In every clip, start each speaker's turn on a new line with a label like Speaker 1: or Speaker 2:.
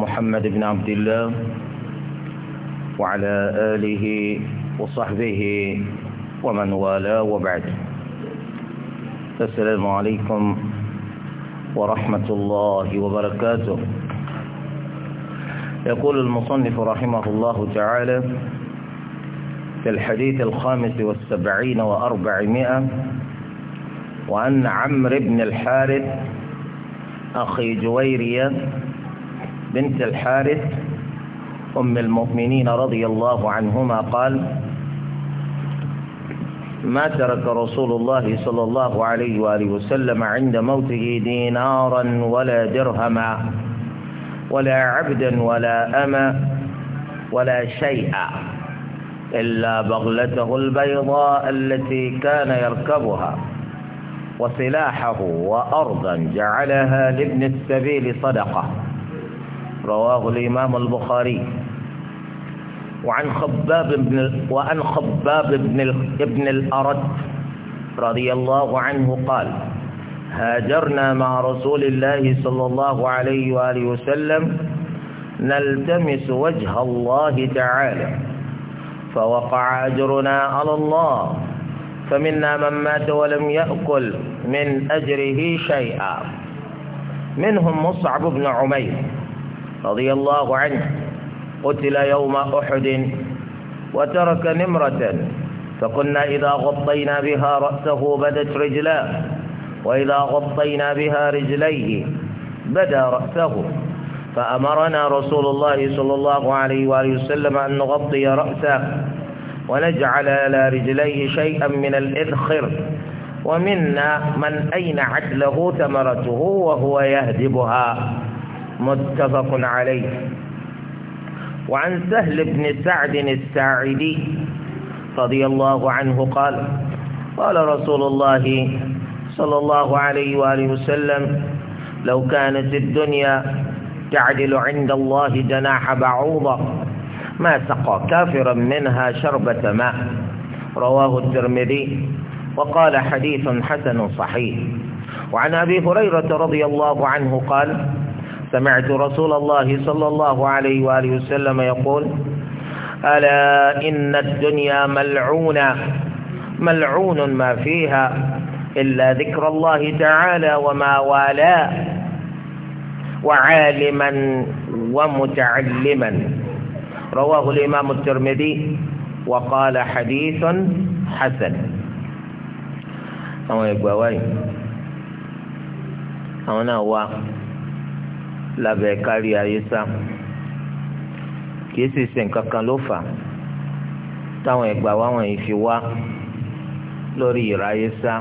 Speaker 1: محمد بن عبد الله وعلى آله وصحبه ومن والاه وبعد السلام عليكم ورحمة الله وبركاته يقول المصنف رحمه الله تعالى في الحديث الخامس والسبعين وأربعمائة وأن عمرو بن الحارث أخي جويرية بنت الحارث أم المؤمنين رضي الله عنهما قال ما ترك رسول الله صلى الله عليه وآله وسلم عند موته دينارا ولا درهما ولا عبدا ولا أما ولا شيئا إلا بغلته البيضاء التي كان يركبها وسلاحه وأرضا جعلها لابن السبيل صدقة رواه الإمام البخاري وعن خباب بن وعن خباب بن ابن الأرد رضي الله عنه قال هاجرنا مع رسول الله صلى الله عليه وآله وسلم نلتمس وجه الله تعالى فوقع أجرنا على الله فمنا من مات ولم يأكل من أجره شيئا منهم مصعب بن عمير رضي الله عنه قتل يوم أحد وترك نمرة فقلنا إذا غطينا بها رأسه بدت رجلاه وإذا غطينا بها رجليه بدا رأسه فأمرنا رسول الله صلى الله عليه وآله وسلم أن نغطي رأسه ونجعل على رجليه شيئا من الإذخر ومنا من أين عدله ثمرته وهو يهدبها متفق عليه وعن سهل بن سعد الساعدي رضي الله عنه قال قال رسول الله صلى الله عليه وآله وسلم لو كانت الدنيا تعدل عند الله جناح بعوضة ما سقى كافرا منها شربة ماء رواه الترمذي وقال حديث حسن صحيح وعن أبي هريرة رضي الله عنه قال سمعت رسول الله صلى الله عليه وآله وسلم يقول ألا إن الدنيا ملعونة ملعون ما فيها إلا ذكر الله تعالى وما والاه وعالما ومتعلما رواه الإمام الترمذي وقال حديث حسن أو يقوى وين أو نواه lábẹ́ kárí ayé sá kìí sì ṣe nǹkan kan ló fà táwọn ẹgbàá wa wọ̀nyí fi wá lórí ìráyé sá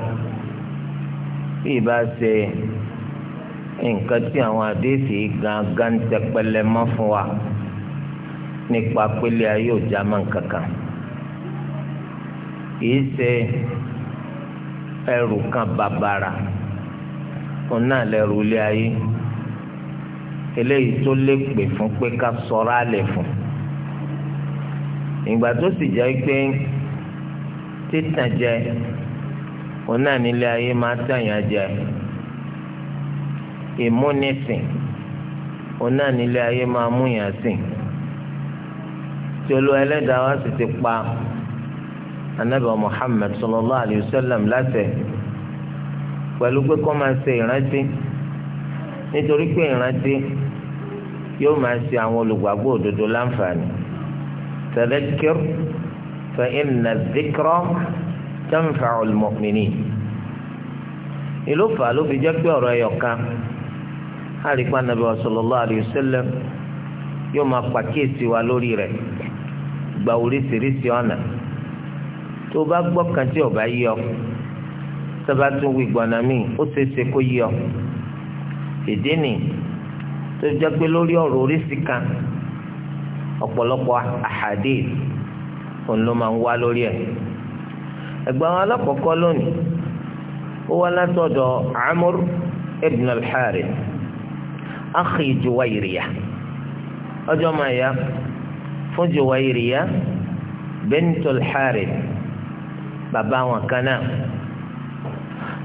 Speaker 1: bí ìbá ṣe nǹkan tí àwọn àdéhìí gangan tẹpẹlẹ mọ́ fún wa nípa pélé ayé òjá máa ń kankan kìí ṣe ẹrù kan bàbàrà òun náà lẹrù ilé ayé eléyìí tó lè pè fún pé ká sọ̀rọ̀ alẹ̀ fún ìgbà tó sì jẹ́ pé títàn jẹ òun náà nílé ayé máa tàyàn jẹ ìmúnisìn òun náà nílé ayé máa múyàn sìn tí olú ẹlẹ́dàá wá sì ti pa anabi Muhammad sallallahu alayhi wa sallam láṣẹ pẹ̀lú pé kó máa ṣe ìrántí nítorí pé ìrántí yóò máa ṣe àwọn olùgbàgbọ́ òdodo láǹfààní tadhakkir fa inna dhikra tanfa'ul mu'minin ìlú fà ló fi jẹ́ pé ọ̀rọ̀ ẹ̀yọ̀kan àríkpá nàbí sallallahu alayhi wa sallam yóò máa pàkíyèsí wa lórí rẹ̀ gba oríṣiríṣi ọ̀nà tó bá gbọ́ kan tí ò bá yí tún wí gbọ̀nà míì ó ṣeé kó yí ìdí nì tó jẹ́ pé lórí ọ̀rọ̀ oríṣi kan ọ̀pọ̀lọpọ̀ àhàdé òun ló máa ń wá lórí ẹ̀ ẹgbẹ́ wọn alákọ̀ọ́kọ́ lónìí ó wá látọ̀dọ̀ amúr ibn al-harith akhi juwayriya ọjọ́ máa yá fún juwayriya bintu al-harith bàbá wọn kan náà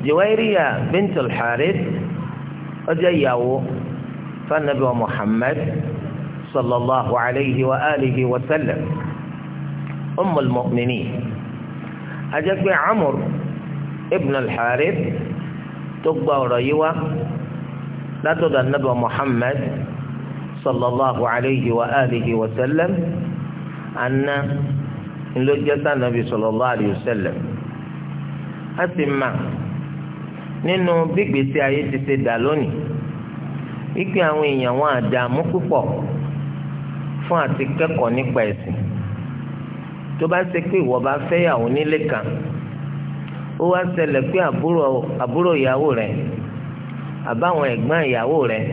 Speaker 1: juwayriya bintu al-harith ọjọ́ ìyàwó fanabi wa muhammad sallallahu alayhi wa alihi wa sallam ummul mu'minin ajagbe amur ibn al-harith tó gba ọ̀rọ̀ yìí wá látọ̀dọ̀ anabi wa muhammad sallallahu alayhi wa alihi wa sallam anna ńlọjọ́ sanabi sallallahu alayhi wa sallam a sì nínú gbígbèsè ayé ti ṣe dà lónìí ike àwọn èèyàn wọn àdààmú púpọ̀ fún àti kẹ́kọ̀ọ́ nípa ẹ̀sìn tó bá ṣe pé ìwọ bá fẹ́yàwó nílé kan ó wá ṣẹlẹ̀ pé àbúrò ìyàwó rẹ̀ àbáwọn ẹ̀gbọ́n ìyàwó rẹ̀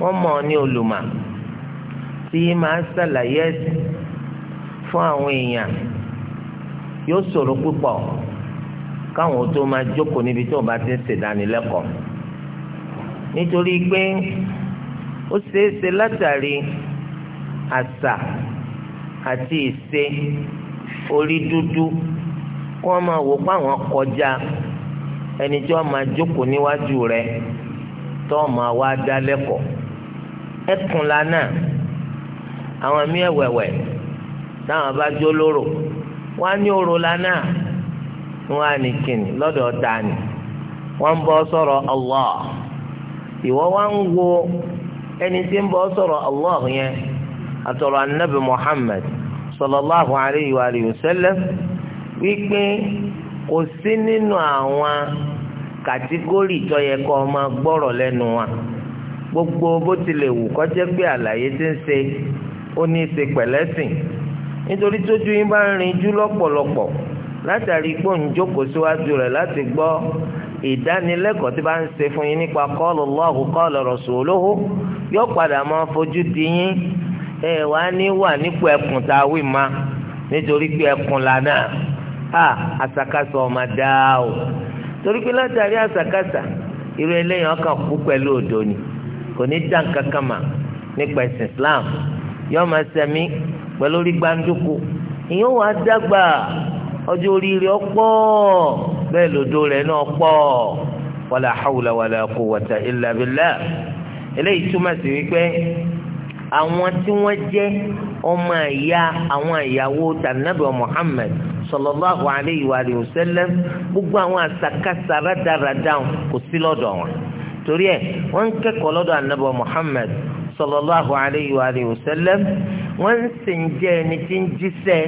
Speaker 1: wọ́n mọ̀ ọ́ ní olùmọ̀ tí máa ṣàlàyé ẹ̀sìn fún àwọn èèyàn yóò ṣòro púpọ̀ káwọn tó máa jókòó níbi tí wọ́n bá ti ń ṣèdánilẹ́kọ̀ọ́ nítorí pé ó ṣeéṣe látàrí àṣà àti ìṣe orí dúdú kó wọ́n máa wò pé àwọn kọjá ẹni tí wọ́n máa jókòó níwájú rẹ̀ tó máa wá dá ẹkùn lánà àwọn mí táwọn bá jó lóró wọ́n ní òrò lánàá. wọn á ní kíni lọ́dọ̀ dání wọ́n ń bọ́ sọ̀rọ̀ Allah ìwọ wa ń wo ẹni tí ń bọ́ sọ̀rọ̀ Allah yẹn anabi muhammed, sallallahu alayhi wa sallam wípé kò sí nínú àwọn kàtígórì tó yẹ kó o wa gbogbo bó tilẹ̀ wù kó jẹ́ pé àlàyé ti ń ṣe látàrí pé njókòó jókòó síwájú rẹ̀ láti gbọ́ ìdánilẹ́kọ̀ọ́ tí bá ń ṣe fún yín nípa qala Allahu qala rasuluhu yóò padà máa fojú di yín ẹ wá ní wà nípò ẹkùn tá a wí ma nítorí pé ẹkùn lànà ọmọ dáa o torí pé látàrí irú eléyìí ọkàn pẹ̀lú òdo kò ní dàn kankan ọjọ́ oríire ọ̀pọ̀ bẹ́ẹ̀ lòdó rẹ̀ náà pọ̀ wàlà hàwùlà wàlà quwwata illa billah eléyìí túmọ̀ sí wípé àwọn tí wọ́n jẹ́ ọmọ ìyá àwọn ìyàwó tànàbẹ̀ Muhammad sallallahu alayhi wa sallam gbogbo àwọn àṣàkáṣà rádaràdà kò sí lọ́dọ̀ wọn torí ẹ̀ wọ́n ń kẹ́kọ̀ọ́ lọ́dọ̀ ànàbẹ̀ Muhammad sallallahu alayhi wa alihi wa sallam wọ́n ń sìn jẹ́ ẹni tí ń jíṣẹ́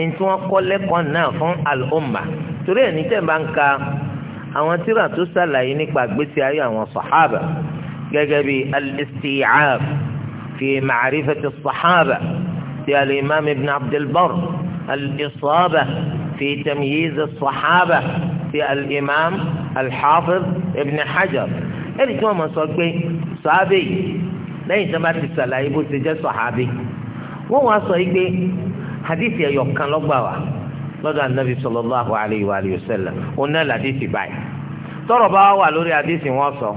Speaker 1: ẹni tí wọ́n kọ́ lẹ́kọ̀ọ́ náà fún al-umma torí ẹni tẹ́ bá ń ka àwọn tírà tó ṣàlàyé nípa ìgbésí ayé àwọn sàhábà gẹ́gẹ́ bí al-isti'ab fi ma'rifati as-sahaba ti al ibn abdul barr fi tamyiz as ti al-imam ibn hajar ẹni tí wọ́n mọ̀ sọ pé sàhábà lẹ́yìn tí wọ́n bá ti sàlàyé bó ti jẹ́ sọ̀hábí wọ́n wá sọ yìí pé hadithi ẹ̀yọ̀ kan lọ́gbà wá lọ́dọ̀ anabi sallallahu alayhi wa sallam ọ̀nà làdìsí báyìí tọ́rọ̀ bá wà lórí hadithi wọ́n sọ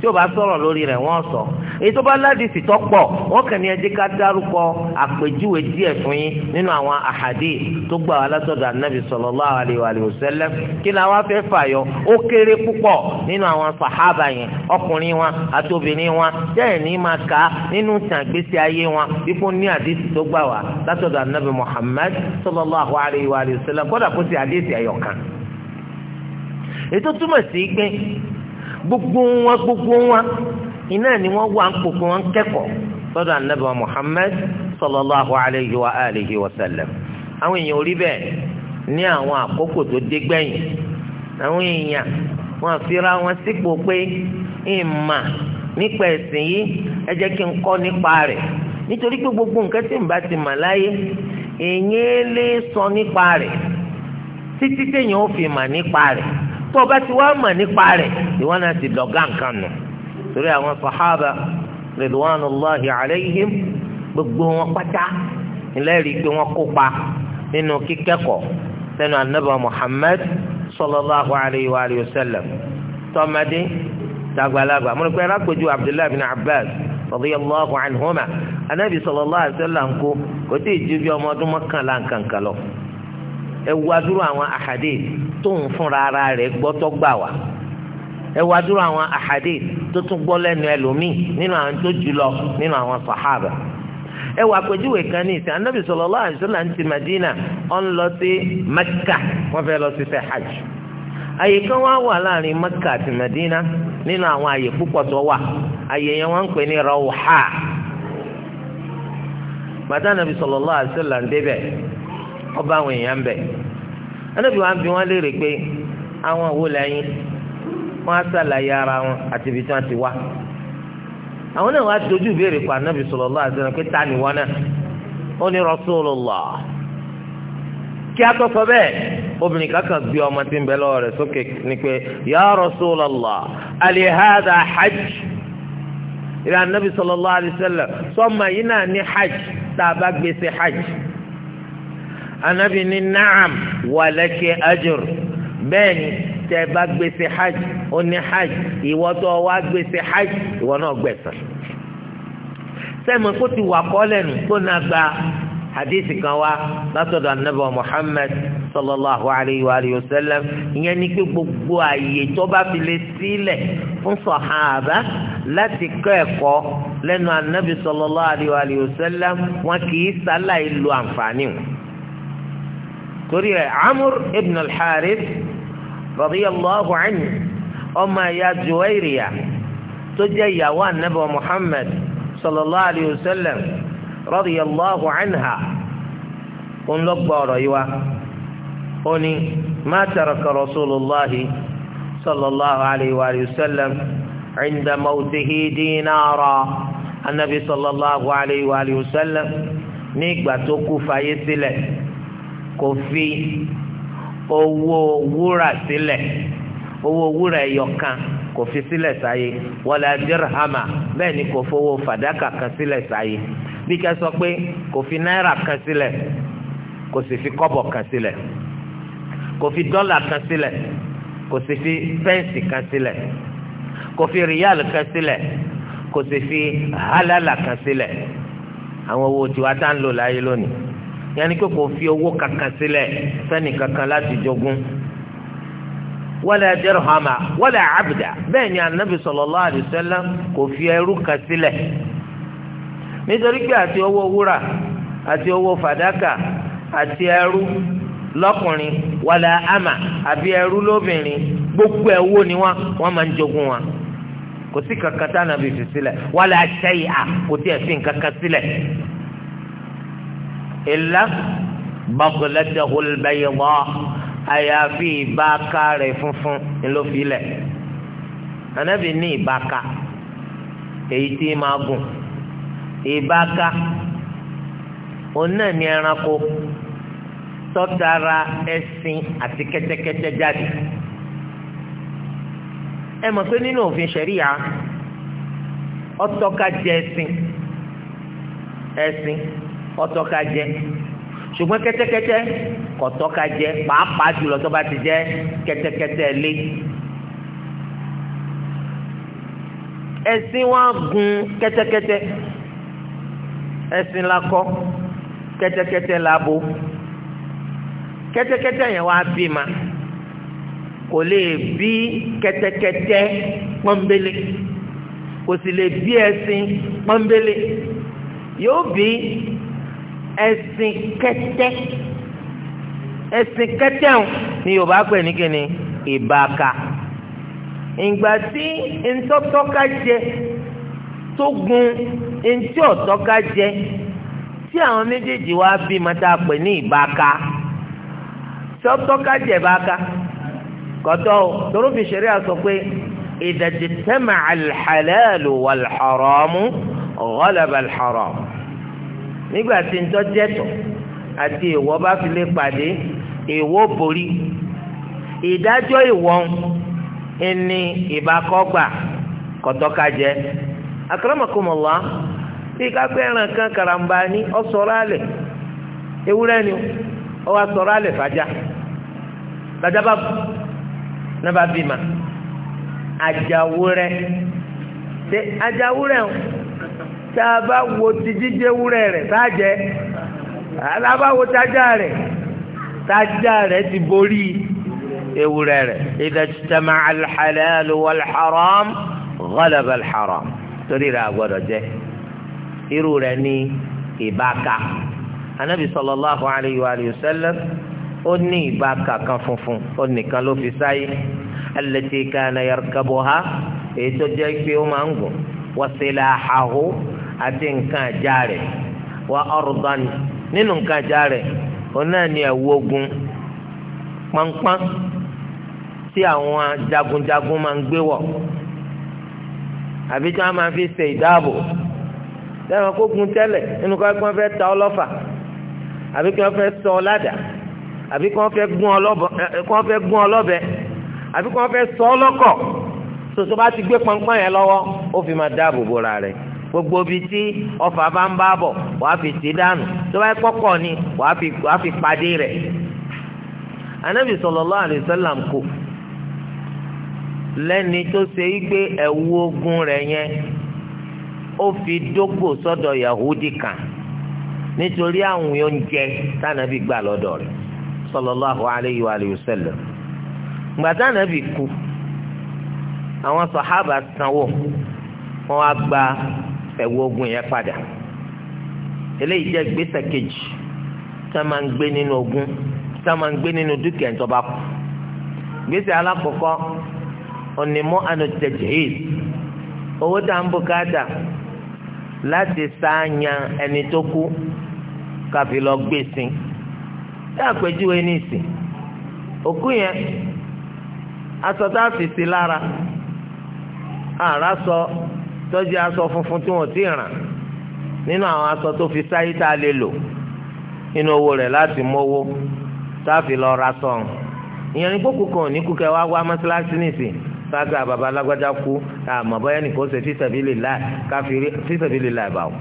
Speaker 1: tí ó bá sọ̀rọ̀ lórí rẹ̀ wọ́n sọ èyí tó bá ládìsí tó pọ̀ wọ́n kàn ní ẹ jẹ́ ká dárúkọ àpèjúwe díẹ̀ fún yín nínú àwọn àhàdí tó gbà wá látọ̀dọ̀ ànábì sallallahu alaihi wa sallam kí la wá fẹ́ fàyọ ó kéré púpọ̀ nínú àwọn sàhábà yẹn ọkùnrin wọn àti obìnrin wọn bẹ́ẹ̀ ní máa kà á nínú ìtàgbésí ayé wọn ipò ní àdìsí tó gbà wá látọ̀dọ̀ ànábì Muhammad sallallahu alaihi wa sallam gbogbo wọn gbogbo wọn iná ni wọn wà ń kókó wọn kẹ́kọ̀ọ́ lọ́dọ̀ anabi muhammed sallallahu alayhi wa alayhi wa sallam àwọn èèyàn orí bẹ́ẹ̀ ní àwọn àkókò tó dé gbẹ̀yìn àwọn èèyàn wọ́n fira wọn sípò pé ìmà nípa ẹ̀sìn yìí ẹ jẹ́ kí n kọ́ nípa rẹ̀ nítorí pé gbogbo nǹkan tí n bá ti mà láyé èèyàn lè sọ nípa rẹ̀ títí téèyàn ó fi mà nípa rẹ̀ tó o bá ti wá mọ̀ nípa rẹ̀ ìwọ náà ti dọ̀gá nǹkan nù torí àwọn sàhábà ridwanullahi alayhim gbogbo wọn pátá ìlẹ́rìí pé wọ́n kópa nínú kíkẹ́kọ̀ọ́ lẹ́nu anábà Muhammad sallallahu alayhi wa alihi wa sallam tọ́mọdé tàgbàlagbà mo ní pé arákòjú Abdullahi bin Abbas radiyallahu anhuma anábì sallallahu alayhi wa sallam kó kò tí ì ju bí ọmọ ọdún mọ́kànlá nǹkan kan lọ. ẹ wá dúró àwọn àhàdé tó ń ara rẹ̀ gbọ́tọ́ gbà wá ẹ wá dúró àwọn àhàdé tó tún gbọ́ lẹ́nu ẹlòmíì nínú àwọn tó jù lọ nínú àwọn sàhábà ẹ wà kan ní ti Madina lọ sí Mẹ́kà wọ́n fẹ́ lọ sí hajj àyè kan wá wà láàrin Mẹ́kà àti Madina nínú àwọn àyè púpọ̀ tó wà àyè yẹn wọ́n ń pè ọba àwọn èèyàn bẹ̀ anábì wọn bí wọn léèrè pé àwọn wo lẹ́yìn wọn á sàlàyé ara wọn àti ibi tí wọn ti wá àwọn náà wàá dojú ìbéèrè pa anábì sallallahu alaihi wasallam pé ta ni wọn náà ó ní Rasulullah kí a tọ́ sọ bẹ́ẹ̀ obìnrin kankan gbé ọmọ tí ń bẹ lọ́wọ́ rẹ̀ sókè ni pé ya Rasulullah alihada hajj ìrìn anábì sallallahu alaihi wasallam sọ́mọ yìí náà ní hajj tá a bá gbé hajj anabi ní naam wàlẹ́kẹ́ ajur bẹ́ẹ̀ ni tẹ́ bá gbèsè hajj ó ní hajj ìwọ tó wá gbèsè hajj ìwọ náà gbẹ̀san sẹ́mi kó ti wà kọ́ lẹ́nu tó náà gba hadith kan wá látọ̀dọ̀ anabi muhammed sallallahu alayhi wa alayhi wa sallam ìyẹn ni pé gbogbo ààyè tó bá fi lè sílẹ̀ fún sọ̀háàbá láti kọ́ ẹ̀kọ́ lẹ́nu anabi sallallahu alayhi wa alayhi wa sallam wọn kì í sáláì lo àǹfààní wọn torí ẹ̀ amúr ibn al-harith radiyallahu anhu ọmọ ẹ̀yà juwairiya tó jẹ́ ìyàwó anabi muhammad sallallahu alayhi wa sallam radiyallahu anha òun ló gbọ́ ọ̀rọ̀ yìí wá ó ní má taraka rasulullahi sallallahu alayhi wa sallam inda mawtihi dinara anabi sallallahu alayhi wa sallam ní ìgbà tó kú kò fi owó wúrà sílẹ̀ owó wúrà ẹyọ kan kò fi sílẹ̀ sáyé wala dirhama bẹ́ẹ̀ ni kò fowó fàdákà kan sílẹ̀ sáyé bí ká sọ pé kò fi náírà kan sílẹ̀ kò sì fi kọ́bọ̀ kan sílẹ̀ kò fi dọ́là kan sílẹ̀ kò sì fi pẹ́ǹsì kan sílẹ̀ kò fi ríyàlì kan sílẹ̀ kò sì fi hálàlà kan sílẹ̀ àwọn owó tiwa tá ń lò láyé lónìí yẹn ni kò fi owó kankan sílẹ̀ sẹ́ni kankan láti jogun wala dirhama wala abda bẹ́ẹ̀ ni anabi sallallahu alaihi kò fi ẹrú kan sílẹ̀ nítorí pé àti owó wúrà àti owó fàdákà àti ẹrú lọ́kùnrin wala ama àbí ẹrú lóbìnrin gbogbo ẹwó ni wọn wọn máa ń jogun wọn kò sí kankan tá anabi fi sílẹ̀ wala shay'a kò tí ẹ fi nǹkan kan ìlà bàbọ̀lẹ́dẹ̀hó lẹ́yìn wá àyàfi ìbáka rẹ̀ funfun ńlọ́filẹ̀ ànábì ní ìbáka èyí tí máa gùn ìbáka òun náà ní ẹranko tọ́tara ẹṣin àti kẹ́tẹ́kẹ́tẹ́ jáde ẹ mọ̀ pé nínú òfin ṣẹ̀ríya ọtọ́ka jẹ ẹṣin ẹṣin ọtọ́ ká jẹ ṣùgbọ́n kẹ́tẹ́kẹ́tẹ́ kọ̀tọ́ ká jẹ pàápàá jùlọ tó bá ti jẹ́ kẹ́tẹ́kẹ́tẹ́ lé. ẹṣin wa gun kẹ́tẹ́kẹ́tẹ́ ẹṣin la kọ́ kẹ́tẹ́kẹ́tẹ́ la bo kẹ́tẹ́kẹ́tẹ́ yẹn wá bí ma kò lè bí kẹ́tẹ́kẹ́tẹ́ pọ́nbélé kò sì lè bí ẹṣin pọ́nbélé yóò bí ẹ̀sìn kẹtẹ ẹ̀sìn kẹtẹ ń ni Yorùbá pè ní kíni ìbáka ìgbà tí ntọ́tọ́ka jẹ tó gun ntí ọ̀tọ́ka jẹ tí àwọn méjèèjì wá bí mata pè ní ìbáka tọ́tọ́ka jẹ báka kọ́tọ́ torófin ṣẹ̀rí àsọ pé ìdajì tẹ́mà alḥàlẹ́ lò ọ̀họ́lẹ̀ bàlḥàrọ́mù. nígbà tí ń tọ́jẹ́ tọ̀ àti ìwọ bá fi lè pàdé ìwọ borí ìdájọ́ ìwọ ẹni ìbákọ́gbà kọ̀tọ́kajẹ́ bí kápẹ́ ẹran kan karamba ní ọ̀sọ̀rọ̀ alẹ̀ ewúrẹ́ ni ó wá sọ̀rọ̀ alẹ̀ fàjà fàjà bá bù tá a bá wo ti jíjẹ wúrẹ́ rẹ̀ tá a jẹ tá a bá wo tájà rẹ̀ tájà rẹ̀ ti borí ewúrẹ́ rẹ̀ idha ijtama'a al-halal wal-haram ghalaba al-haram torí rẹ̀ àgbọ́dọ̀ jẹ irú rẹ̀ ní ìbáka anabi sallallahu alayhi wa sallam ó ní ìbáka kan funfun ó nìkan ló fi sáyé allati kana yarkabuha èyí tó jẹ́ pé ó máa ń gùn wa silahahu àti nǹkan àjà rẹ̀ wà ọ̀rùbán nínú nǹkan àjà rẹ̀ òun náà ni ẹ̀wù ogun pánpán tí àwọn jagunjagun máa ń gbé wọ̀ àbí tí wọ́n máa fi ṣe ìdáàbò lẹ́nu kókun tẹ́lẹ̀ nínú kọ́ kí wọ́n fẹ́ ta ọlọ́fà àbí kí wọ́n fẹ́ sọ ọ ládà àbí kí wọ́n fẹ́ gún ọ lọ́bẹ àbí kí wọ́n fẹ́ sọ ọ lọ́kọ̀ ti gbé pọnpọ́n yẹn lọ́wọ́ ó fi máa dáàbò bora rẹ̀ gbogbo bíi tí ọfà bá ń bá bọ̀ wàá fi tì dànù tó bá kọ́kọ́ ni wàá fi wàá fi pàdé rẹ̀ anabi sallallahu alaihi wasallam kò lẹ́ni tó ṣe é gbé ẹ̀wù ogun rẹ̀ yẹn ó fi dógbò sọ́dọ̀ yahudi kan nítorí àwọn oúnjẹ tànàbí gbà lọ́dọ̀ rẹ̀ sallallahu alaihi wa alihi wasallam gbàtànàbí kú àwọn sàhábà sanwó wọn á gba ẹ̀wọ́ ogun yẹn padà eléyìí jẹ́ gbèsè kejì tá a máa ń gbé nínú ogun tá a máa ń gbé nínú dúkìá ìjọba kù gbèsè alákọ̀ọ́kọ́ onímọ̀ anotẹ̀jẹ̀hìd owó tá à ń bùkátà láti sáàyàn ẹni tó kú káfí lọ gbèsè ẹ àpèjúwe ní ìsìn òkú yẹn a lára àrà sọ. So, tó jẹ́ aṣọ funfun tí wọ́n ti ràn nínú àwọn aṣọ tó fi sáyé tá a lè lò nínú owó rẹ̀ láti mówó tá a fi lọ ra sọ̀n ìyẹn ní kókó kan ní kúkẹ́ wá wá mọ́ṣáláṣí nìsín sáàgà bàbá alágbájá kú àmọ́ bóyá nìkan ṣe fisabilillah káfírí fisabilillah báwo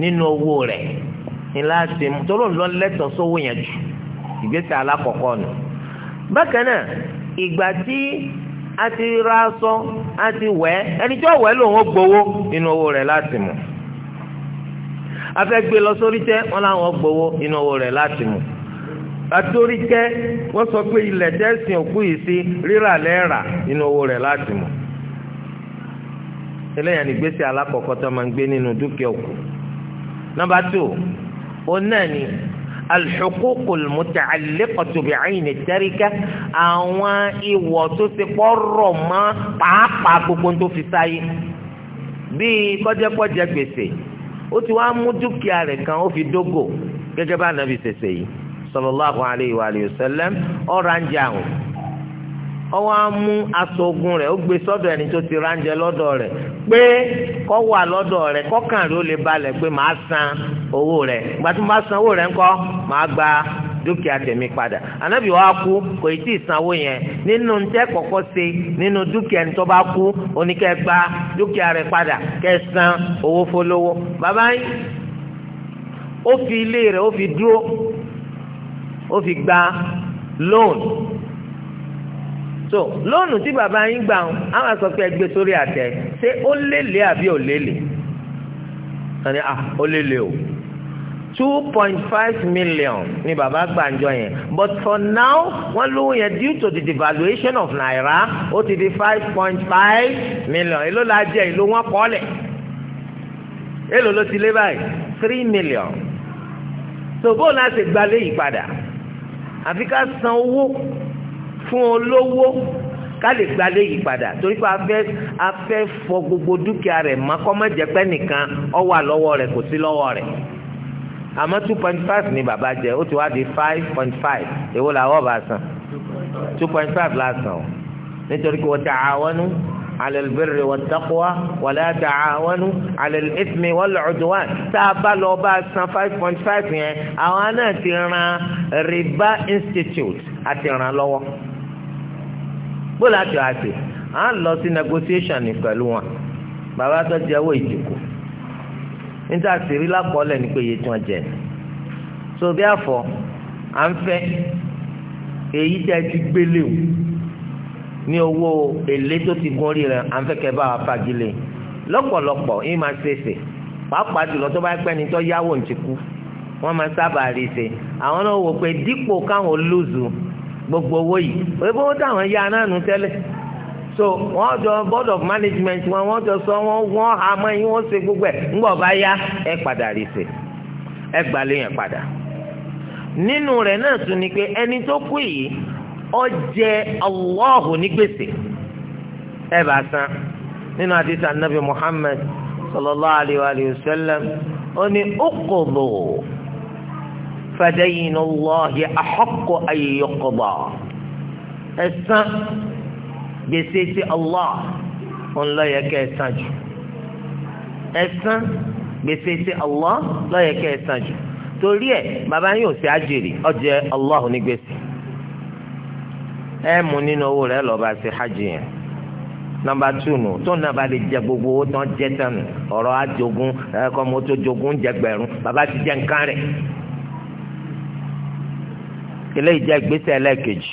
Speaker 1: nínú owó rẹ̀ ní láti tóró lọ lẹ́tọ̀ọ́ sówó yẹn jù ìgbésẹ̀ alákọ̀ọ́kọ́ nù bákan náà ìgbà tí a ti ra aṣọ a ti wẹ̀ ẹni lòun ó gbowó inú owó rẹ̀ láti mú afẹ́ lọ sórí wọn làwọn gbowó inú owó rẹ̀ láti mú àtòrí tẹ́ wọ́n sọ pé ilẹ̀ tẹ́sìn òkú yìí sí rírà lẹ́ẹ̀rà inú owó rẹ̀ láti mú eléyà ni gbèsè alákọ̀ọ́kọ́ tó máa ń gbé nínú dúkìá òkú tó alḥuququ almuta'alliqatu bi'ayni tarika àwọn ìwọ̀ tó ti pọ̀ rọ̀ mọ́ pàápàá gbogbo tó fi sáyé bíi kọjẹkọjẹ gbèsè ó ti wá mú dúkìá rẹ̀ kan ó fi dógò gẹ́gẹ́ bá nàbì sèse yìí sallallahu alayhi wa sallam ọ̀rọ̀ àǹjẹ̀ àwọn ọwọ́ á mú aṣọ ogun rẹ̀ ó gbé sọ́dọ̀ ẹni tó ti ránjẹ lọ́dọ̀ rẹ̀ pé kọ́ wà lọ́dọ̀ rẹ̀ kọ́kàn rẹ̀ ó lè balẹ̀ pé màá san owó rẹ̀ ìgbà tí mo bá san owó rẹ̀ ńkọ́ màá gba dúkìá tèmi padà ànábì wa kú kò tí ì sanwó yẹn nínú ntẹ kọ́kọ́ ṣe nínú dúkìá ní tó bá kú oníkẹ gba dúkìá rẹ̀ padà kẹ san owó fọlọwọ bàbá yín ó fi ilé rẹ̀ ó fi dúró ó fi gba lóòn so lóònù tí bàbá yín gbà ń àwọn sọ pé ẹgbẹ́ sórí àtẹ ṣé ó lélẹ̀ àbí ò lélẹ̀ ẹni à ó lélẹ̀ o two point five million ni bàbá gbàǹjọ yẹn but for now wọ́n lówó yẹn due to the devaluation of naira ó ti di five point five million èló la jẹ èló wọn kọ́ lẹ̀ èló ló ti lé báyìí three million so bóun láti gbalé yìí padà àfi ká san owó fún olówó ká lè gba léyìí padà torí pé afẹ́ afẹ́ fọ gbogbo dúkìá rẹ̀ má kọ́ má jẹ́ pé nìkan ó wà lọ́wọ́ rẹ̀ kò sí lọ́wọ́ rẹ̀ àmọ́ two point five ni bàbá jẹ ó ti wá di five point five èwo làwọ̀ bá san two point five la san o nítorí pé wa ta'awanu 'ala al-birri wat-taqwa wa la ta'awanu 'ala al-ithmi tá a bá lọ bá san five point five yẹn àwọn náà ti ran Riba Institute àti ràn lọ́wọ́ bó láti àṣẹ à ń lọ sí negotiation ní pẹ̀lú wọn bàbá tó jẹ owó ìjòkó níta sì rí lákọọ́lẹ̀ ní pé iye tí wọ́n jẹ so bí àfọ à ń fẹ́ èyí tẹ́ ti gbélé o ní owó èlé tó ti gun orí rẹ̀ à ń fẹ́ kẹ́ bá wa fagilé lọ́pọ̀lọpọ̀ yín máa ṣèṣe pàápàá jùlọ tó bá pẹ́ ni tó yáwó ń ti kú wọ́n máa sábà rí ṣe àwọn náà wò pé dípò káwọn lóòzù gbogbo owó yìí òyìnbó wọn táwọn ya náà nù so wọ́n jọ board of management wọn wọ́n jọ sọ wọ́n wọ́n mọ yín wọ́n ṣe gbogbo ẹ̀ ńgbọ̀ bá yá ẹ padà rí ṣe ẹ gbalẹ̀ yẹn padà nínú rẹ̀ náà tún ni pé ẹni tó kú yìí ó jẹ Allahu ní gbèsè ẹ bá san nínú àdìsá nabi sallallahu alayhi wa sallam ó ní ó kò lò ó. fadayinu Allahi ahaqqu an yuqda ẹ̀san gbèsè sí Allah ńlọ́yẹ kẹ́ ẹ̀san jù ẹ̀san gbèsè sí Allah lọ́yẹ kẹ́ ẹ̀san jù torí ẹ̀ Allah ẹ mú nínú owó rẹ lọ́ba ṣe hajj yẹn nọmba tù nù tó gbogbo owó tán jẹ tán nù ọ̀rọ̀ àjogún ẹ̀kọ́ gberun jogún bàbá ti jẹ nǹkan eléyìí jẹ́ ìgbésẹ̀ ẹlẹ́ẹ̀kejì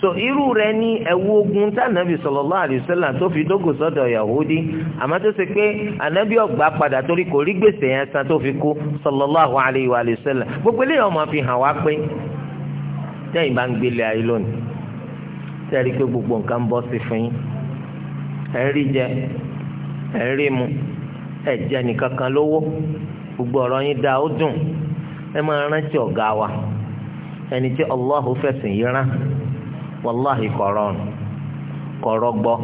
Speaker 1: so irú rẹ ní ewu ogun tí anabi sallallahu alaihi tó fi dógò sọ́dọ̀ yahudi àmọ́ tó ṣe pé anabi ọgbà padà torí kò rí gbèsè yẹn san tó fi kú sallallahu ọmọ fi hàn wá pé tẹ́yìn bá ń gbélé ayé gbogbo nǹkan ń bọ́ sí fún yín jẹ ẹ̀ mu gbogbo ọ̀rọ̀ yín dáa ó dùn ẹ máa rántí wa. ẹni tí Allahu fẹ̀sìn yìí rán wàláhì kọ̀rọ̀n kọ̀rọ̀ gbọ́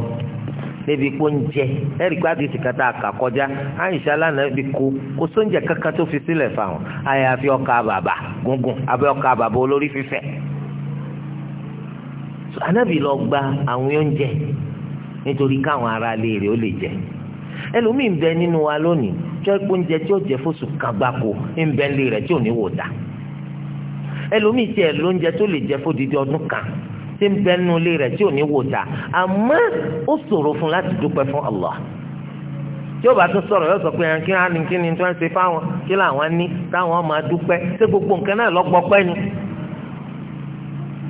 Speaker 1: níbi ipò oúnjẹ ẹ̀rí pé àti ìsìnkàtà àkà kọjá àyìnṣẹ́ alánàbí kú kò sóúnjẹ kankan tó fi sílẹ̀ fáwọn àyàfi ọkà bàbà gúngùn àbí ọkà bàbà olórí fífẹ̀ anábì lọ gba àwọn oúnjẹ nítorí káwọn ará ilé ó lè jẹ ẹlòmíì ń bẹ nínú wa lónìí tó ẹ pé oúnjẹ tí ó jẹ fóṣù kan gbáko ń bẹ ń lé rẹ̀ tí ò ní wò dáa ẹlòmíì tiẹ̀ lóúnjẹ tó lè jẹ fódìdí ọdún kan tí ń bẹ nínú ilé rẹ̀ tí ò ní wò ta àmọ́ ó ṣòro fún láti dúpẹ́ fún Allah tí ó bá tún sọ̀rọ̀ yóò sọ pé ẹn kí ni kí ni tí wọ́n ṣe fáwọn kí làwọn ní táwọn máa ṣé gbogbo nǹkan náà ni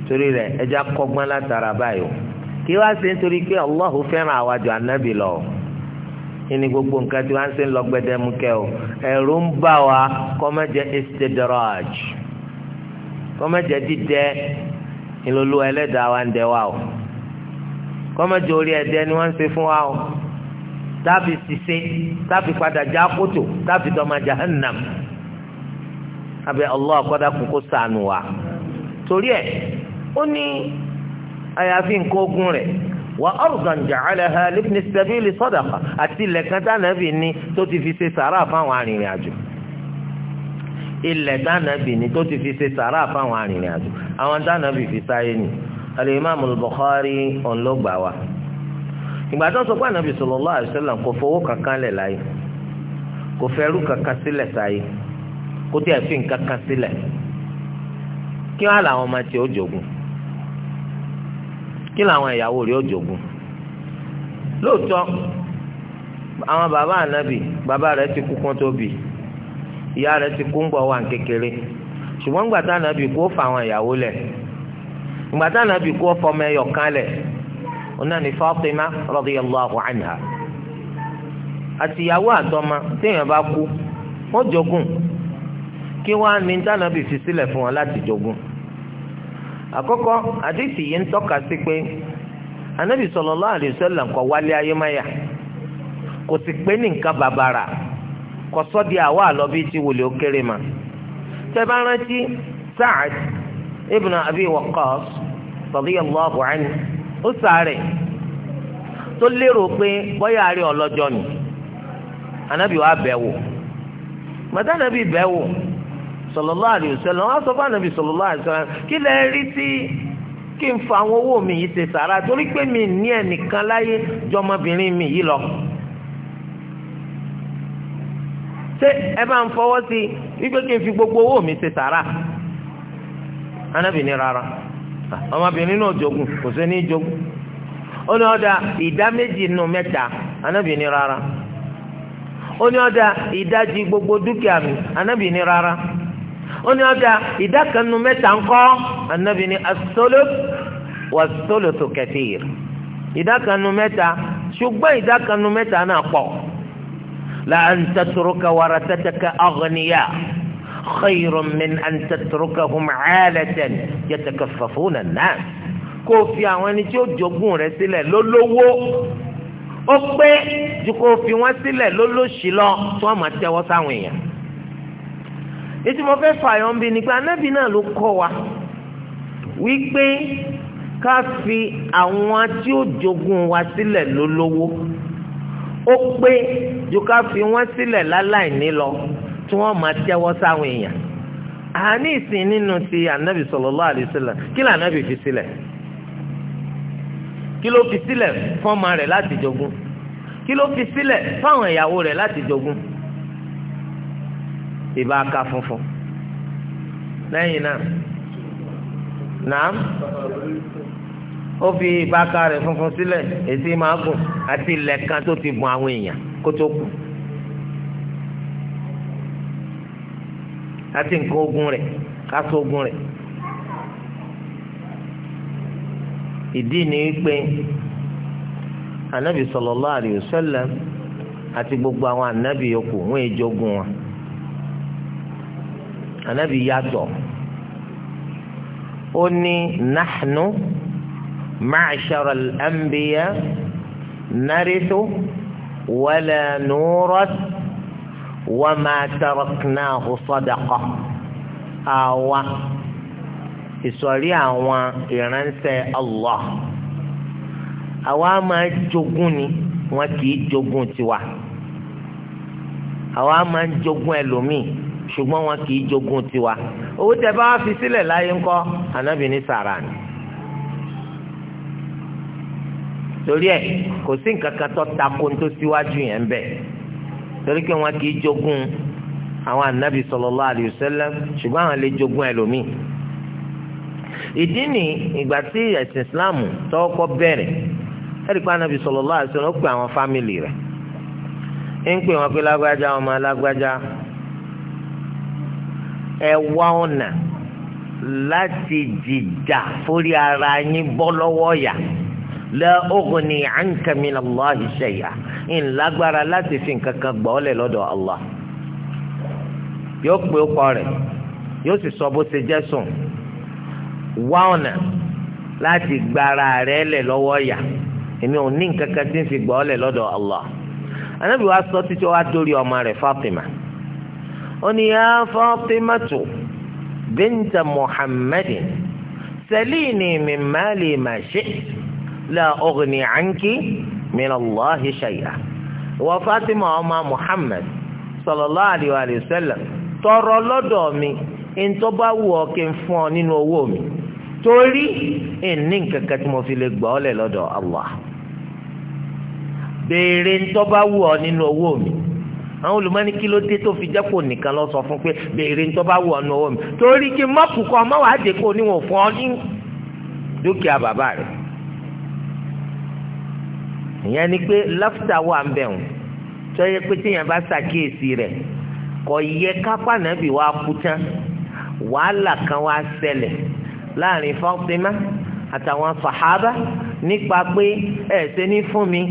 Speaker 1: torí ẹja o kí wá ṣe nítorí pé Allah fẹ́ràn àwàjọ lọ ìní gbogbo nǹkan tí ṣe ń o ẹ̀rù ń bà wá kọ́mẹ́jẹ kọ́mẹ́jẹ dídẹ ìlòlú ẹlẹ́dàá wa ń dẹ wa o kọ́mẹ́jẹ orí ẹ̀dẹ ni wọ́n ń ṣe fún wa o tábì sise tábì padà já kótó tábì dọ́mà jahannam abẹ́ Allah akọ́dá kókó sànù wa torí ẹ̀ ó ní àyàfi nǹkan ogun wà ardan ja'alaha libni sabili sadaqa àti ilẹ̀ kan tá nàbì ní tó ti fi ṣe sàrà fáwọn arìnrìn àjò ilẹ̀ dánàbì ni tó ti fi ṣe sàrà fáwọn arìnrìn àjò àwọn dánàbì fi sáyé ni alimami Bukhari ọ̀nlọ́gbà wa ìgbà tó sọ pé ànábì sallallahu alaihi wasallam kò fowó kankan lẹ̀ láyé kò fẹ́rú kankan sílẹ̀ sáyé kó tí ẹ fi nǹkan kan sílẹ̀ kí wọn làwọn ọmọ tí ó jogun kí làwọn ìyàwó rẹ̀ ó jogun lóòótọ́ àwọn bàbá ànábì bàbá rẹ̀ ti kú kán tó bì í ìyá rẹ̀ ti kú gbọ́ wà ní kékeré ṣùgbọ́n gbàtà nàbì kú fa àwọn ìyàwó lẹ̀ gbàtà nàbì fọmọ ẹyọ kan lẹ̀ ọ̀nà ní Fatima radiyallahu anha àti ìyàwó àtọmọ téèyàn bá kú wọ́n jogún kí wọ́n á ní tànàbì fi sílẹ̀ fún wọn láti jogún àkọ́kọ́ àdìsí yìí ń tọ́ka sí pé kọsọdì àwa àlọbí ti wòlé ó ma tẹbá rántí Sa'ad ibn Abi Waqqas radiyallahu anhu ó sàárẹ̀ tó lérò pé bóyá àárẹ̀ ọlọ́jọ́ ni anabi wa bẹ̀ màtá anabi bẹ̀ wò sallallahu alaihi sọ fún anabi sallallahu alaihi kí lẹ rí sí kí n fa àwọn owó mi yìí ṣe sàrà torí pé mi ní ẹnìkan láyé jọmọbìnrin mi yìí lọ. ṣé ẹ bá ń fọwọ́ sí wípé n fi gbogbo owó mi ṣe sàrà a rárá ọmọbìnrin náà jogun kò sí ní jogun ó ní ọ̀dà ìdá méjì nù mẹ́ta anábìíní rárá ó gbogbo dúkìá mi anábìíní rárá ó ní ọ̀dà ìdá kan nù wà tó kẹfì ìdá kan nù لأن تترك ورثتك أغنياء خير من أن تتركهم عالة يتكففون الناس kó fi àwọn ẹni tí ó jogún rẹ̀ sílẹ̀ lólówó ó pé ju kó fi wọn sílẹ̀ lólóṣì lọ tí wọn máa tẹ́wọ́ sáwọn èèyàn ètò mo fẹ́ fààyàn bí ni pé anábì náà ló kọ́ wa wípé ká fi àwọn tí ó jogún wa sílẹ̀ lólówó ó pé yòókà fi wọ́n sílẹ̀ láláìní lọ tí wọ́n máa tẹ́wọ́ sáwọn èèyàn àní ìsìn nínú ti ànábì sallallahu alaihi wasallam kí lè ànábì fi sílẹ̀ kí ló fi sílẹ̀ fọ́mọ rẹ̀ láti jogún kí ló fi sílẹ̀ fáwọn ìyàwó rẹ̀ láti jogún ìbáka funfun lẹ́yìn náà nàám ó fi ìbáka rẹ̀ funfun sílẹ̀ èsì máa gùn àti ilẹ̀ kan tó ti gun àwọn èèyàn kó tó kù àti nǹkan ogun rẹ̀ kásó ogun rẹ̀ ìdí ni pé anabi sallallahu alaihi wasallam àti gbogbo àwọn anabi yòókù wọn èjogun wọn anabi yàtọ̀ ó ní nahnu. معشر الأنبياء نرث ولا نورث وما تركناه صدقة àwa ìsọ̀rí àwọn ìránṣẹ́ Allah àwa máa jogún ni wọn kì í jogún tiwa àwa máa ń jogún ẹlòmíì ṣùgbọ́n wọn kì í jogún tiwa owó tẹ bá wá fi sílẹ̀ láyé ńkọ́ ànábì ní sàrà ni. torí ẹ kò sí nǹkan kan tó tako tó síwájú yẹn ń bẹ torí pé wọn anabi sallam àwọn lè jogún ẹlòmíì ìdí ni ìgbà tí islam tọ́kọ́ bẹ̀rẹ̀ pé anabi sallam ó pè àwọn fámìlì rẹ̀ ń pè wọn pé lágbájá ọmọ lágbájá ẹ wá ọ̀nà láti ara yín bọ́ lọ́wọ́ la ughni anka min Allahi shay'a ń lágbára láti fi nǹkan kan gbọ́ lẹ̀ lọ́dọ̀ Allah yóò pé ó kọ rẹ̀ yóò sì sọ bó ṣe jẹ́ sùn wá ọ̀nà láti gbára rẹ̀ lẹ̀ lọ́wọ́ yà èmi ò ní nǹkan kan tí ń fi gbọ́ lẹ̀ lọ́dọ̀ Allah anábì wa sọ títí wa dórí ọmọ rẹ̀ Fatima ó ní ya Fatimatu binta Muhammadin salini min mali ma shi'ti. la ọ̀gbìn ànkì mìíràn lọ́hì ṣàyà wọ Fatima ọmọ Muhammad sọlọ́lá àdìwà àdìsẹ́lẹ̀ tọrọ lọ́dọ̀ mi ntọ́ wù kí n fún ọ nínú owó mi torí ìní nkankan tí mo fi lè gbà lẹ̀ lọ́dọ̀ Allah béèrè wù nínú owó mi àwọn olùmọ́ni kí ló dé tó fi torí kí wàá ìyẹn ni pé láfùtà wà ń bẹ̀ wọ́n tó yẹ pé téèyàn bá ṣàkíyèsí rẹ̀ kò yẹ kápá nàbì wá kú tán wàhálà kan wá ṣẹlẹ̀ láàrin Fátímà àtàwọn sàhábà nípa pé ẹ ṣe ní fún mi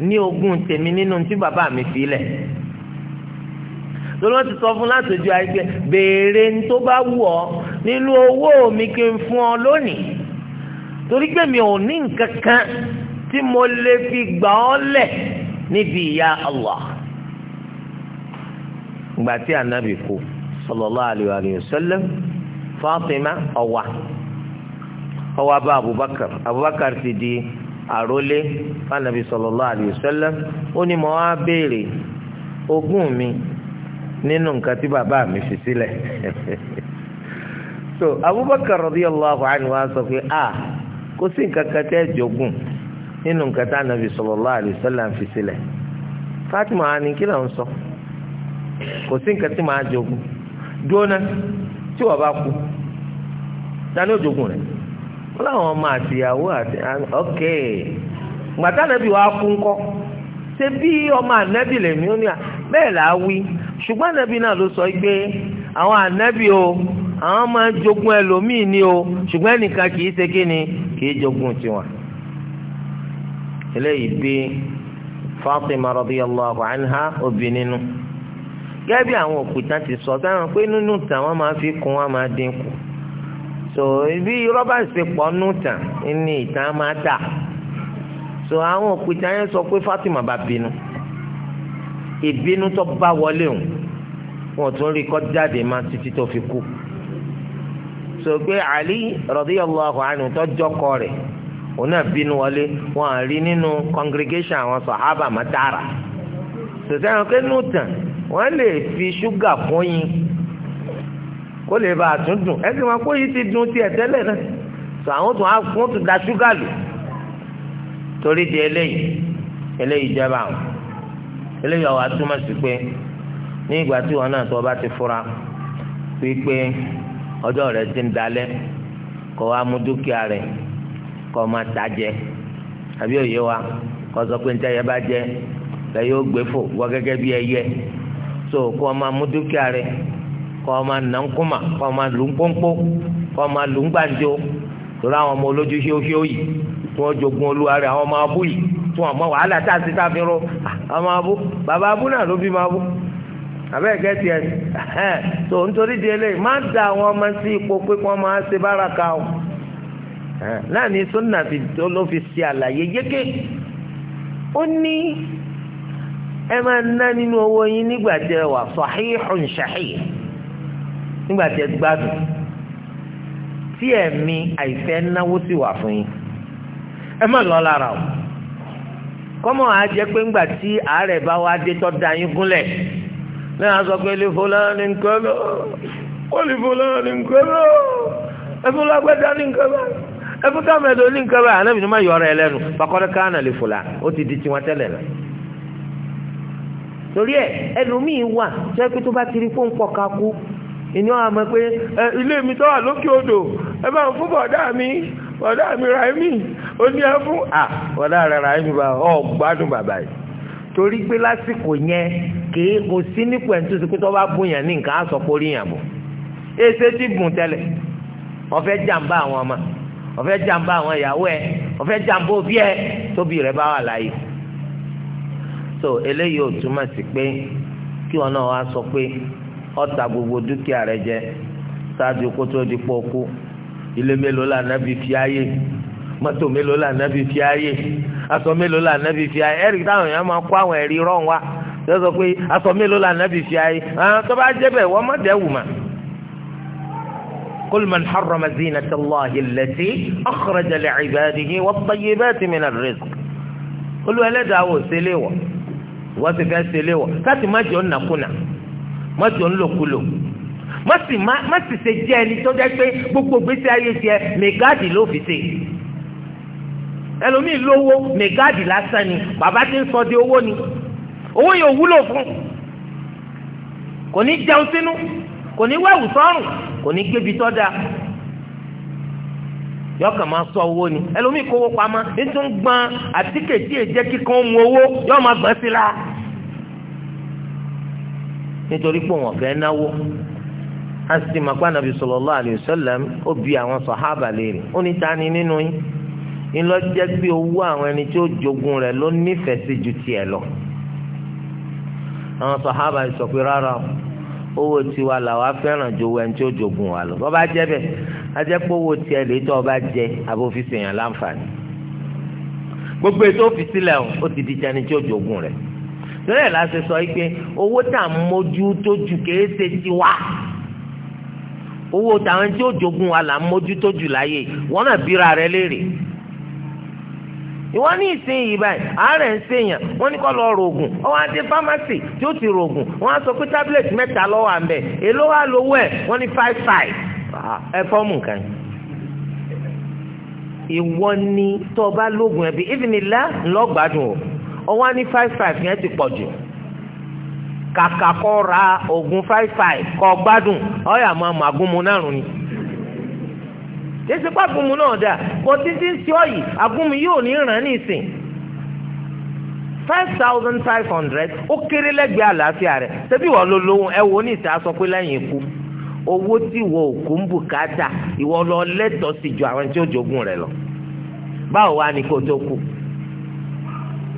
Speaker 1: ní ogún tèmi nínú tí bàbá mi fi lẹ̀ lọ́wọ́ ti sọ fún látòjú àìpẹ́ béèrè ní tó bá wù ọ́ nínú owó mi kí n fún ọ lónìí torí pé mi ò ní nǹkan kan tí mo lè fi gbà ọ́ lẹ̀ níbi ìyà Allah ìgbà tí anabi kú sallallahu alayhi wa sallam Fatima ọwà ọwà bá Abubakar Abubakar ti di àrólé fanabi sallallahu alayhi wa sallam ó ní mo wá béèrè ogún mi nínú nǹkan tí bàbá mi fi sílẹ̀ so Abubakar radiyallahu wa sọ pé a ah, kò sí nǹkan kan tẹ́ jogún. nínú nǹkan anabi ànábì sallallahu alaihi wasallam Fatima ani kí ló ń sọ kò sí nǹkan tí màá jogún dúnà tí wọ́n bá kú dání ó jogún rẹ̀ wọ́n láwọn ọmọ àtìyàwó àti ok gbàtà ànábì wa kú ńkọ́ ṣe bí ọmọ ànábì lèmi ó ní à bẹ́ẹ̀ là á wí ṣùgbọ́n anabi náà ló sọ pé àwọn anabi o àwọn máa jogún ẹlòmíì ni o ṣùgbọ́n ẹnìkan kì í ṣe kí ni kì í jogún tiwọn. eléyìí bí Fatima radiyallahu anha obì nínú gẹ́gẹ́ bí àwọn òkùtàn ti sọ sáwọn pé nínú tàn wọ́n máa fi kún wọ́n máa dín kù so ibi rọ́bà ṣe pọ̀ nù tàn ní ìtàn máa dà so àwọn òkùtàn yẹn sọ pé Fatima bá bínú ìbínú tó bá wọlé òun wọn tún rí kọ́ jáde má títí tó fi kú so pé Ali radiyallahu anhu tó jọkọ rẹ̀ òun náà bínú wọlé wọn à nínú congregation àwọn sọ̀hábà mọ́tàrà sọ̀tẹ́ àwọn pé nùtàn wọ́n lè fi ṣúgà fún yín kó lè bá a tún dùn ẹ sì máa kó yìí ti dùn tiẹ̀ tẹ́lẹ̀ náà sọ àwọn tún á fún tún da ṣúgà lù torí di eléyìí eléyìí jẹba àwọn eléyìí ọ̀wá túmọ̀ sí pé ní ìgbà tí wọn náà tó bá ti fura wípé ọjọ́ rẹ̀ ti ń dalẹ̀ kó wá mú dúkìá rẹ̀ kọ́ máa tà jẹ àbí òye wa kọ́ sọ pé níta yẹ bá jẹ lẹ yóò gbé fò wọ́ gẹ́gẹ́ bí ẹyẹ so kọ́ máa mú dúkìá rẹ kọ́ máa nà ń kúmà kọ́ máa lù ń pọ́npọ́ kọ́ máa lù ń gbàǹjo lórí àwọn ọmọ olójú híóhíó yìí tí wọ́n jogun olúwa rẹ̀ àwọn ọmọ abú yìí tí wọ́n mọ wàhálà tá a ti sáfin ro ah, àwọn abú bàbá abú náà ló bí ma abú àbẹ́ gẹ́tì ẹ̀ tó nítorí di eléyìí má da àwọn ọmọ sí ipò pé kí wọ́n máa ṣe báraka o náà ni sunna fi ló fi ṣe àlàyé yéké ó ní ẹ máa ná nínú owó yín nígbà tí ẹ wà sahihun sahih nígbà tí ẹ gbádùn tí ẹ̀mí àìfẹ́ náwó sì wà fún yín ẹ má lọ lára o kọ́mọ àjẹ́ pé ńgbà tí àárẹ̀ bá wá dé tọ́ da yín gúnlẹ̀ lẹ́yìn àzọ pé lè fọlá ní nǹkan lọ ó lè fọlá ní nǹkan lọ ẹ fọlá gbẹ́dá ní nǹkan lọ. ẹ fún káwọn ní nǹkan báyìí anábìnrin máa yọ ọ̀rọ̀ ẹ lẹ́nu bàkọ́rẹ́ lè fòlà ó ti di tiwọn tẹ́lẹ̀ lọ. torí ẹ ẹlòmíín wà tó pé tó bá ti rí fóun pọ̀ kú ìní àmọ́ pé ilé mi tó odò ẹ bá fún bọ̀dá mi bọ̀dá mi Ráìmì ó ní ẹ fún à bọ̀dá rẹ baba bá ọ gbádùn bàbá yìí torí pé lásìkò yẹn kì kò sí nípò ẹ̀ pé tó bá bùn yàn ní nǹkan yàn bọ̀ èsè ti bùn ọ̀fẹ́ jàǹbá àwọn ìyàwó ẹ̀ ọ̀fẹ́ jàǹbá òbí ẹ̀ tóbi rẹ̀ bá wà láàyè. so eléyìí ò túmọ̀ sí pé kí wọn náà wá sọ pé ó gbogbo dúkìá rẹ̀ jẹ ṣáájú kó tó di pọ̀ kú ilé mélòó là nábì fi ayé mọ́tò mélòó là nábì fi ayé aṣọ mélòó là nábì fi ayé ẹ̀rí táwọn èèyàn máa kó àwọn ẹ̀rí rọ̀ wá lọ́sọ pé aṣọ mélòó là nábì fi ayé àwọn tó bá jẹ́ bẹ̀ wọ́n mọ̀ dẹ́wù mà. قل من حرم زينة الله التي أخرج لعباده والطيبات من الرزق قل ولا دعوة سليوة وسفة سليوة كاتي ما جون نقنا ما جون لكلو má sì má sì ṣe jẹ́ ẹni tó jẹ́ pé gbogbo gbèsè ayé tiẹ̀ mẹ́gáàdì ló fi ṣe ẹlòmíì lówó mẹ́gáàdì lásán ni bàbá ti ń sọ di owó ni owó yóò wúlò fún kò ní jẹun sínú kò ní wẹ̀wù sọ́rùn kò ní gébi tọ́ da yọkàn máa sọ owó ni ẹlòmíì kówó pamọ́ nítorí ń gbọ́n àtíkè tí èjẹ́ kíkan mu owó yóò máa gbọ́n sí la nítorí pé wọn fẹ́ náwó asiti makpa nabi sallallahu alayhi wa sallam ó bi àwọn sọhábà léèrè ó ní tani nínú yín ńlọjẹ pé owó àwọn ẹni tí ó jogun rẹ̀ ló nífẹ̀ẹ́ sí ju tiẹ̀ lọ àwọn sọhábà sọ rárá o owó tiwa làwa fẹ́ràn ju ẹni tí ó jogun wa lọ bọ́ bá jẹ́ bẹ́ẹ̀ ajẹ́ pé owó tiẹ̀ lè tọ́ ọba jẹ abófíìsì yẹn láǹfààní gbogbo ètò òfìsí lẹ̀ ó ti di jẹni tí ó jogun rẹ̀ torí ẹ̀ láti sọ pé owó tà ń mójú tó ju kèé ṣe tiwa owó tàwọn tí ó jogun wa là ń mójú tó jù láyé wọn náà bíra rẹ léèrè ìwọ ní ìsìn yìí báyìí àárẹ̀ ń ṣèyàn wọ́n ní kó lọ rògùn ọ wá dé fámásì tí ó ti rògùn wọ́n á sọ pé tábìlẹ̀tì mẹ́ta lọ́wọ́ à ń bẹ̀ èló wà lówó ẹ̀ wọ́n ní five five ah, ẹ fọ́ọ̀mù nǹkan ìwọ ni tó o bá lóògùn ẹbí ìfìnnilá ńlọgbàdùn o ọ wá ní five five yẹn ti pọ̀ jù kàkà kọ́ ra oògùn five five kọ́ gbádùn ọ̀yà máa màgúnmu náà rùn ni. kéésì pa agúnmu náà dà bọ́ títí ń ṣe yìí agúnmu yóò ní ràn ní ìsìn five thousand five hundred ó kéré lẹ́gbẹ̀ẹ́ àlàáfíà rẹ̀ ṣebí wọ́n ló lóhun ẹ wo ní ìta sọ pé lẹ́yìn ikú owó tí ìwọ òkú ń bùkátà ìwọ lọ lẹ́tọ̀ọ́ sí ju àwọn tí ó jogún rẹ̀ lọ báwo wá ní kó tó kú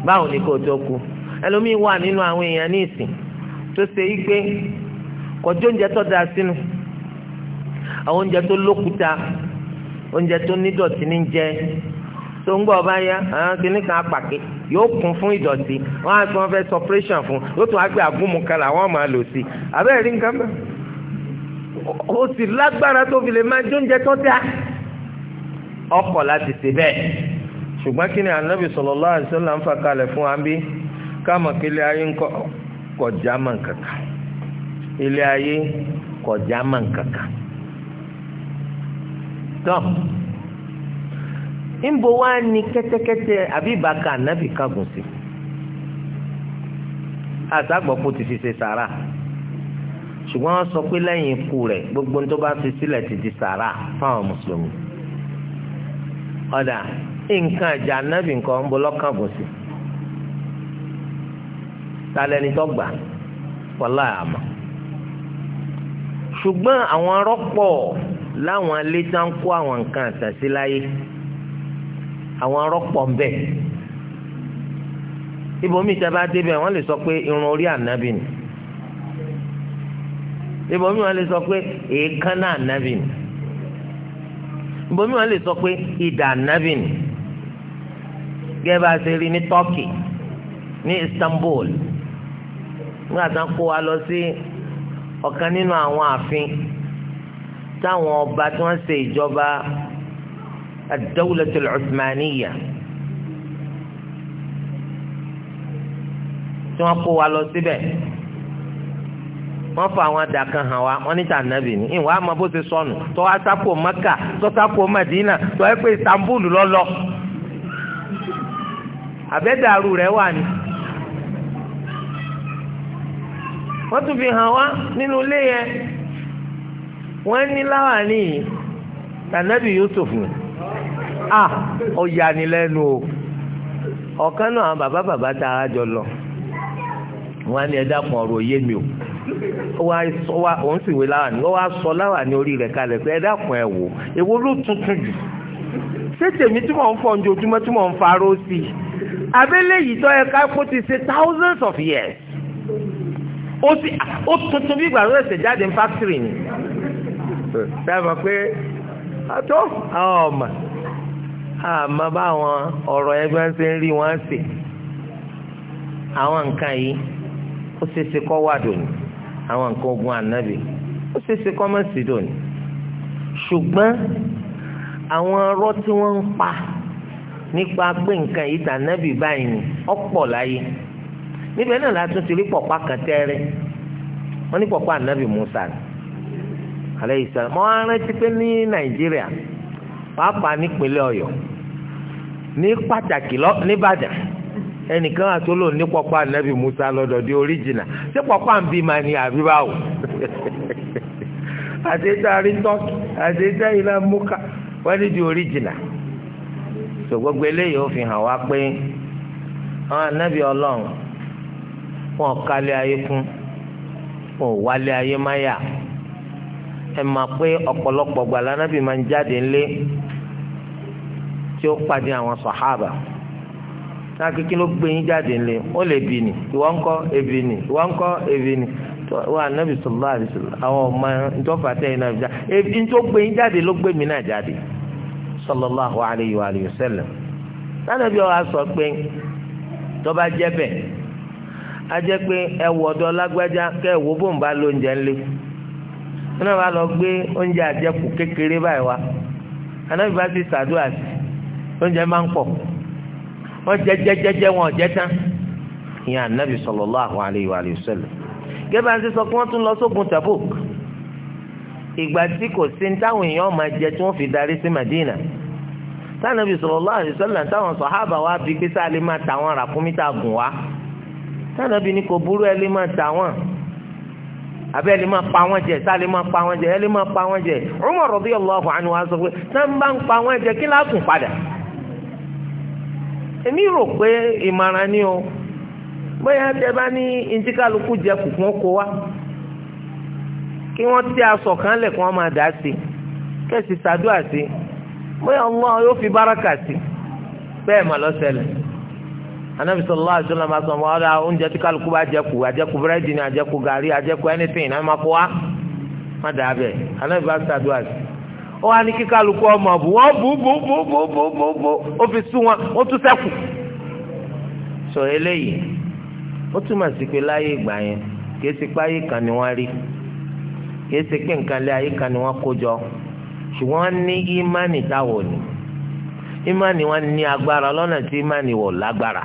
Speaker 1: báwo ní kó tó kú ẹlòmíín wà nínú àwọn èèyàn ní ìsìn tó ṣe yí pé kọjú oúnjẹ tó sínú àwọn oúnjẹ tó oúnjẹ tó ní dọ̀tí ní jẹ tó ń gbọ́ ọba yá àwọn kìnnì kan apàkè yóò kún fún ìdọ̀tí wọ́n á sọ wọ́n fẹ́ sọpírẹ́ṣàn fún yóò tún á gbé àgúnmu kan làwọn máa lò sí abẹ́rẹ́ rí nǹkan mọ́ o sì lágbára tó fi lè máa jóúnjẹ tó dáa ọkọ̀ láti ṣe bẹ́ẹ̀ ṣùgbọ́n kí ni anabi sallallahu alaihi wasallam ń fà kalẹ̀ fún wa bí káàmọ̀ kí ilé ayé kọjá mọ̀ nǹkankan ilé ayé kọjá mọ̀ nǹkankan tán níbo kete ní kẹ́tẹ́kẹ́tẹ́ àbí ìbáka ànábì kagùn ko ti fi sara ṣùgbọ́n wọ́n sọ pé lẹ́yìn gbogbo tó bá fi sílẹ̀ ti di sàrà fáwọn mùsùlùmí ọ̀dà nǹkan ìjà ànábì nǹkan ń bọ lọ́kàn bọ̀ sí talẹ́ni tó gbà wọ́n láwọn alẹ́ tá ń kó àwọn nǹkan àtàsí láyé àwọn rọ́pọ̀ ń bẹ ibòmí tẹ bá débẹ̀ wọ́n lè sọ pé irun orí ànábì ni ibòmí wọ́n lè sọ pé èékánná ànábì ni ibòmí wọ́n lè sọ pé idà ànábì ni gẹ́gẹ́ bá a ṣe rí ní Turkey ní Istanbul nígbà tí wọ́n kó wa lọ sí ọ̀kan nínú àwọn ààfin táwọn ọba tí wọ́n ṣe ìjọba ad-dawlatul Uthmaniyya tí wọ́n kó wa lọ síbẹ̀ wọ́n fa àwọn àdá kan hàn wá wọ́n níta nàbì ní ìwà àmọ́ bó ṣe sọnù tó wá sápò Mẹ́kà tó sápò Mẹ́dínà tó ẹ pé Istanbul lọ́lọ́ àbẹ́dàrú rẹ̀ wà ní. wọ́n tún fi hàn wá nínú ilé yẹn wọ́n ní láwàní tànàbí Yusuf ni a ó yani lẹ́nu o ọ̀kan náà àwọn bàbá bàbá tá a jọ lọ wọ́n á ní ẹ̀dá kan ọ̀rọ̀ yé mi o òun sì wé láwàní ó wá sọ láwàní orí rẹ̀ kalẹ̀ pé ẹ̀dá kan ẹ̀ wò èwo ló tuntun jù ṣé tèmi tí mò ń fọ ojoojúmọ́ tí mò ń faró sí i abẹ́lẹ̀ yìí tọ́ ẹ ká kó ti ṣe thousands of years ó tuntun bí ìgbà tó ẹsẹ̀ jáde ní fásitì ni sẹ́fọ̀ pé àtọ́ àwọn ọ̀mà àmọ́ báwọn ọ̀rọ̀ ẹgbẹ́ ń ṣe ń rí wọn sí àwọn nǹkan yìí ó ṣeéṣe kó wà dòní àwọn nǹkan ogun ànábì ó ṣeéṣe kó má sí dòní ṣùgbọ́n àwọn ọ̀rọ̀ tí wọ́n ń pa nípa pé nǹkan yìí tànábì báyìí ni ọ̀pọ̀ láyé níbẹ̀ náà la rí pọ̀pá kan tẹ́rẹ́ wọ́n ní pọ̀pá ànábì Musa ni aleyhi salam mọ́ arántí pé ní nàìjíríà pàápàá nípínlẹ̀ ọ̀yọ́ ní pàtàkì nìbàdàn ẹnìkan àtúlò ní pọ̀pọ̀ ànábì musa lọ́dọ̀ di oríjìnà ṣé pọ̀pọ̀ àǹbí máa ní àbíbá o àtẹ̀tẹ̀ àrítọ́kì àtẹ̀tẹ̀ ìlà múkà wọ́n ní di oríjìnà sọ gbogbo eléyìí ó fi hàn wá pé àwọn ànábì ọlọ́run wọn kálé ayé kún wọn ò wálé ayé máyà. ẹ pé ọ̀pọ̀lọpọ̀ gbàlá nábì máa ń jáde ńlé tí ó pàdé àwọn sàhábà sáàkì ló gbé yín jáde ńlé ó lè bì ní ìwọ ńkọ́ ebi ní ní wà nábì sọlá àdìsọlá àwọn ọmọ ntọ́fà tẹ́yìn náà ebi tó gbé yín jáde ló gbé mi náà jáde sọ pé tó jẹ́ a jẹ́ pé ẹ lágbájá kẹ́ wọn náà bá lọ gbé oúnjẹ àjẹkù kékeré báyìí wá anábì bá ti sàdúrà sí oúnjẹ máa ń pọ̀ wọ́n jẹ jẹjẹjẹ wọn ò jẹ tán ìyẹn anábì sallallahu alayhi wa sallam gẹ́gẹ́ àti sọ pé wọ́n tún lọ sógun Tabuk ìgbà tí kò sí táwọn èèyàn máa jẹ tí wọ́n fi darí sí Madina sanabi sallallahu alaihi wasallam táwọn sọhábà wa bí pé sáà lè máa tà wọn ràkúnmí tá a gùn wá sanabi ni kò burú ẹ lè máa tà àbẹ́ ẹni máa pa wọ́n jẹ tá ẹni máa pa wọ́n jẹ ẹni máa pa wọ́n jẹ Umar radiyallahu anhu sọ pé tá n bá ń pa wọ́n jẹ kí láàkùn padà èmi rò pé ìmọ̀ràn ni o bóyá tẹ bá ní ntí jẹ kùkùn kó wa kí wọ́n tẹ aṣọ kan lẹ̀ kí wọ́n sí kẹ́sì sàdúà sí bóyá Allah yóò fi báràkà sí bẹ́ẹ̀ mà lọ́sẹ̀lẹ̀ anabi sallallahu alaihi wasallam máa sọ wọn ọdọ oúnjẹ tí kálukú bá jẹkù àjẹkù búrẹ́dì ni àjẹkù gàrí àjẹkù anything náà máa kó wa má dàá bẹ anabi bá ṣàdúrà sí ó wá ní kí kálukú ọmọ bù wọn bù bù bù bù bù bù bù ó fi sún wọn ó tún ṣẹ́kù sọ eléyìí ó túmọ̀ sí pé láyé ìgbà yẹn kìí ṣe pé ayé kan ni wọ́n rí kìí ṣe pé nǹkan lé ayé kan ni wọ́n kó jọ ṣùgbọ́n ní ímánì táwọn ò ní ímánì wọn ní agbára lọ́nà tí ímánì wọ̀ lágbára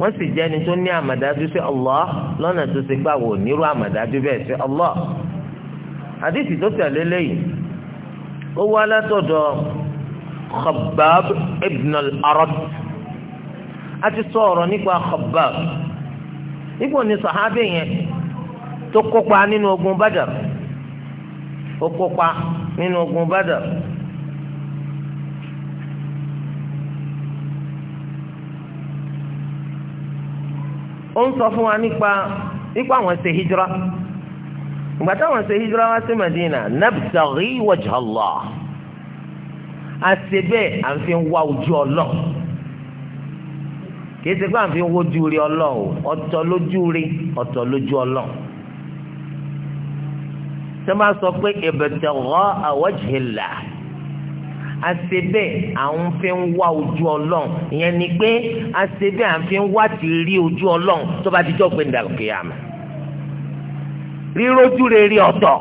Speaker 1: wọ́n sì jẹ́ ẹni tó ní àmàdájú sí Allah lọ́nà tó ti gbà wò nírú àmàdájú bẹ́ẹ̀ sí Allah àdìsí tó tẹ̀lé lẹ́yìn ó wá látọ̀dọ̀ Khabbab ibn al-Arat a ti sọ ọ̀rọ̀ nípa Khabbab nípò ní sàhábẹ́ yẹn tó kópa nínú ogun Badr ó kópa nínú ogun Badr. ó ń sọ fún wa nípa nípa àwọn ṣe hijira ìgbà táwọn ṣe hijira wá sí Madina nabtaghi wajha Allah àṣebẹ à ń fi wá ojú ọlọ kìí ṣe pé à ń fi wojú rí ọlọ o ọ̀tọ̀ lójú rí ọ̀tọ̀ lójú ọlọ sọ ma sọ pé ibtigha wajhi Allah. Asebe à ń fi ń wá ojú ọlọ́run ìyẹn ni pé àṣebẹ̀ à ń fi ń wá ti rí ojú ọlọ́run tó bá dijọ́ pé ndàlùkì àmà rírojú rere ọ̀tọ̀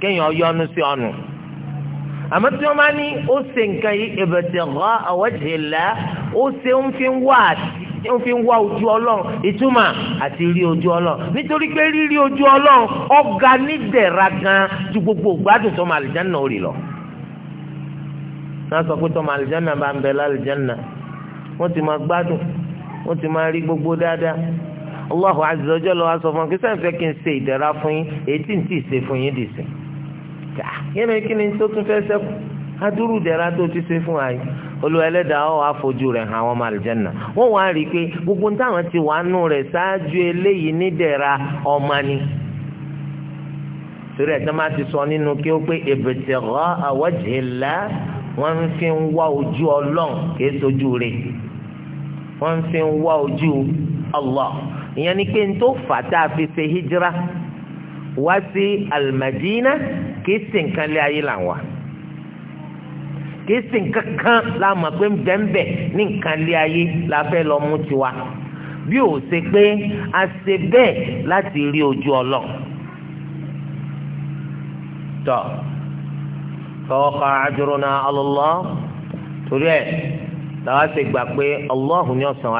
Speaker 1: kéèyàn yọnu sí ọnu àmọ́ tí wọ́n bá ní ó ṣe nǹkan yìí ìbẹ̀tẹ̀rọ àwọ̀jẹ̀lá ó ṣe ń fi wá ń fi wá ojú ọlọ́run ìtumọ̀ àti rí ojú ọlọ́run nítorí pé rírí ojú ọlọ́run ọ̀gá nídẹ̀ẹ́ra gan ju gbogbo ìgbádùn tó máa lè jẹ́ nínú orí lọ náà sọ pé tọ́mọ àlìjánà bá ń bẹ lálìjánà wọ́n ti máa gbádùn wọ́n ti máa rí gbogbo dáadáa Allahu azza wa jalla wá sọ fún kí sẹ́ǹfẹ́ kí n ṣe ìdẹ̀ra fún yín èyí tí n tì ṣe fún yín dì sí. yẹ́n mi kí ni tó tún fẹ́ sẹ́kù adúrú dẹ̀ra tó ti ṣe fún wa yìí ọ̀ àfojú rẹ̀ hàn àwọn màlìjẹ́nà wọ́n wá rí i pé gbogbo ní táwọn ti wà nù rẹ̀ ṣáájú eléyìí ní dẹ̀ra ọmọ ni torí ẹ̀ tán bá ti sọ nínú kí ó pé ìbẹ̀tẹ̀ rọ àwọ̀jẹ̀ wọ́n ń fi ń wá ojú ọlọ́run kìí sojú rẹ̀ wọ́n ń fi ń wá ojú Allah ìyẹn ni pé n tó fà tá a fi ṣe hijira wá sí alimadina kìí sì nǹkan lé ayé là wà kìí sì nǹkan kan láàmú pé bẹ́ẹ̀nbẹ́ ní nǹkan lé ayé la fẹ́ lọ mú tiwa bí ó ṣe pé a ṣe bẹ́ẹ̀ láti rí ojú ọlọ́run tọ́. So, fọwọ́kọ àjọrọ̀nà alọ́lọ́ torí ẹ̀ làwọn ti gbà pé ọlọ́hùn ni wa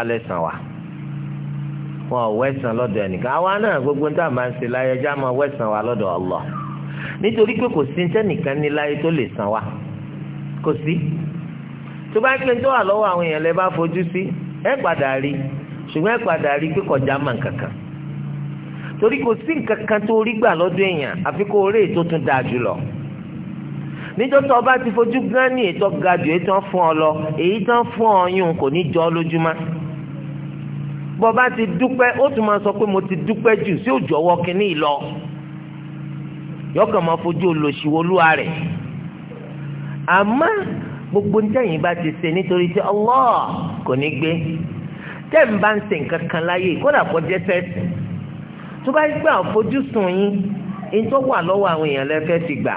Speaker 1: wọn ò wẹ́sàn lọ́dọ̀ ẹnìkan àwa gbogbo ń ṣe láyé wa nítorí pé kò sí ní láyé tó lè san wa kò sí tó bá pé tó wà lọ́wọ́ àwọn èèyàn bá fojú sí ẹ padà rí kankan torí kò sí tó rí gbà èèyàn àfi kó nítorí tó o bá ti fojú gán ní ètò ga jù èyí tán fún ọ lọ èyí tán fún ọ yún kò ní jọ ọ lójúmọ́ bó o bá ti dúpẹ́ ó tún máa sọ pé mo ti dúpẹ́ jù sí òjò ọwọ́ kínní ìlọ yọkàn máa fojú olóṣìwò olúwa rẹ̀ àmọ́ gbogbo ntẹ̀yìn bá ti ṣe nítorí tí Allah kò ní gbé tẹ́ ń bá ń ṣe nǹkan kan láyé kódà kó jẹ́ sẹ́ẹ̀sì tó bá gbé àfojúsùn yín èyí tó wà lọ́wọ́ àwọn èèyàn lẹ́fẹ́ ti gbà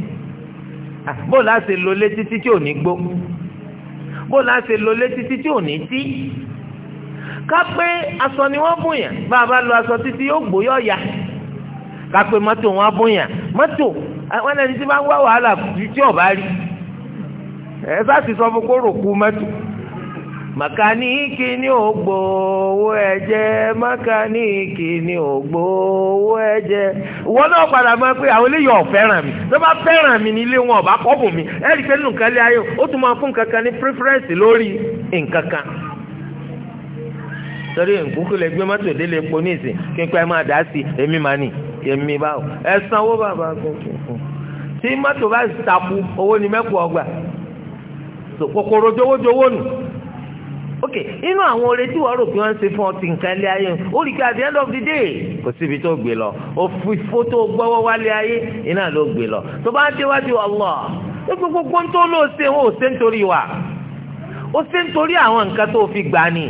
Speaker 1: Ah, bóòlù á ṣe lólé títí tí ò ní gbó bóòlù á ṣe lólé títí tí ò ní tí kápẹ́ aṣọ ni wọ́n bùn yàn bá a bá lo aṣọ títí yóò gbó yọ̀ ya kápẹ́ mọ́tò wọn bùn yàn mọ́tò ah, wọn lẹni tí máa ń wá wàhálà tí ò bá rí ẹ sáà ti sọ fún kó rò kú mọ́tò mẹkáníìkì ni ò gbowó ẹ̀jẹ̀ mẹkáníìkì ni ò gbowó ẹ̀jẹ̀ ìwọ náà padà máa pé àwọn eléyìí ò fẹ́ràn mi tó bá fẹ́ràn mi ní ilé wọn ọ̀bá kọ́bù mi ẹ̀rí pé nǹkan lé ayé ó tún máa fún nǹkan kan ní pírífẹ́rẹ́nsì lórí nǹkan kan torí nkúkú lè gbé mọ́tò délé epo ní ìsìn kí n pẹ́ máa dá sí èmi máa nì èmi báwo ẹ sanwó bàbá kankan tí mọ́tò bá takú owó ni mẹ́kù ọgbà kòkòrò jowójowó nù ok inú àwọn oore tí wọ́n rò pé wọ́n ń ṣe fún ọ nǹkan ilé ayé ó rí i at the end of the day kò síbi tó gbé lọ òfìfo tó gbọ́wọ́ wálé ayé iná ló gbé lọ tó bá ń déwájú Allah gbogbo gbogbo ń tó lóò ṣe wọn ò ṣe nítorí wa ó ṣe nítorí àwọn nǹkan tó fi gbà ni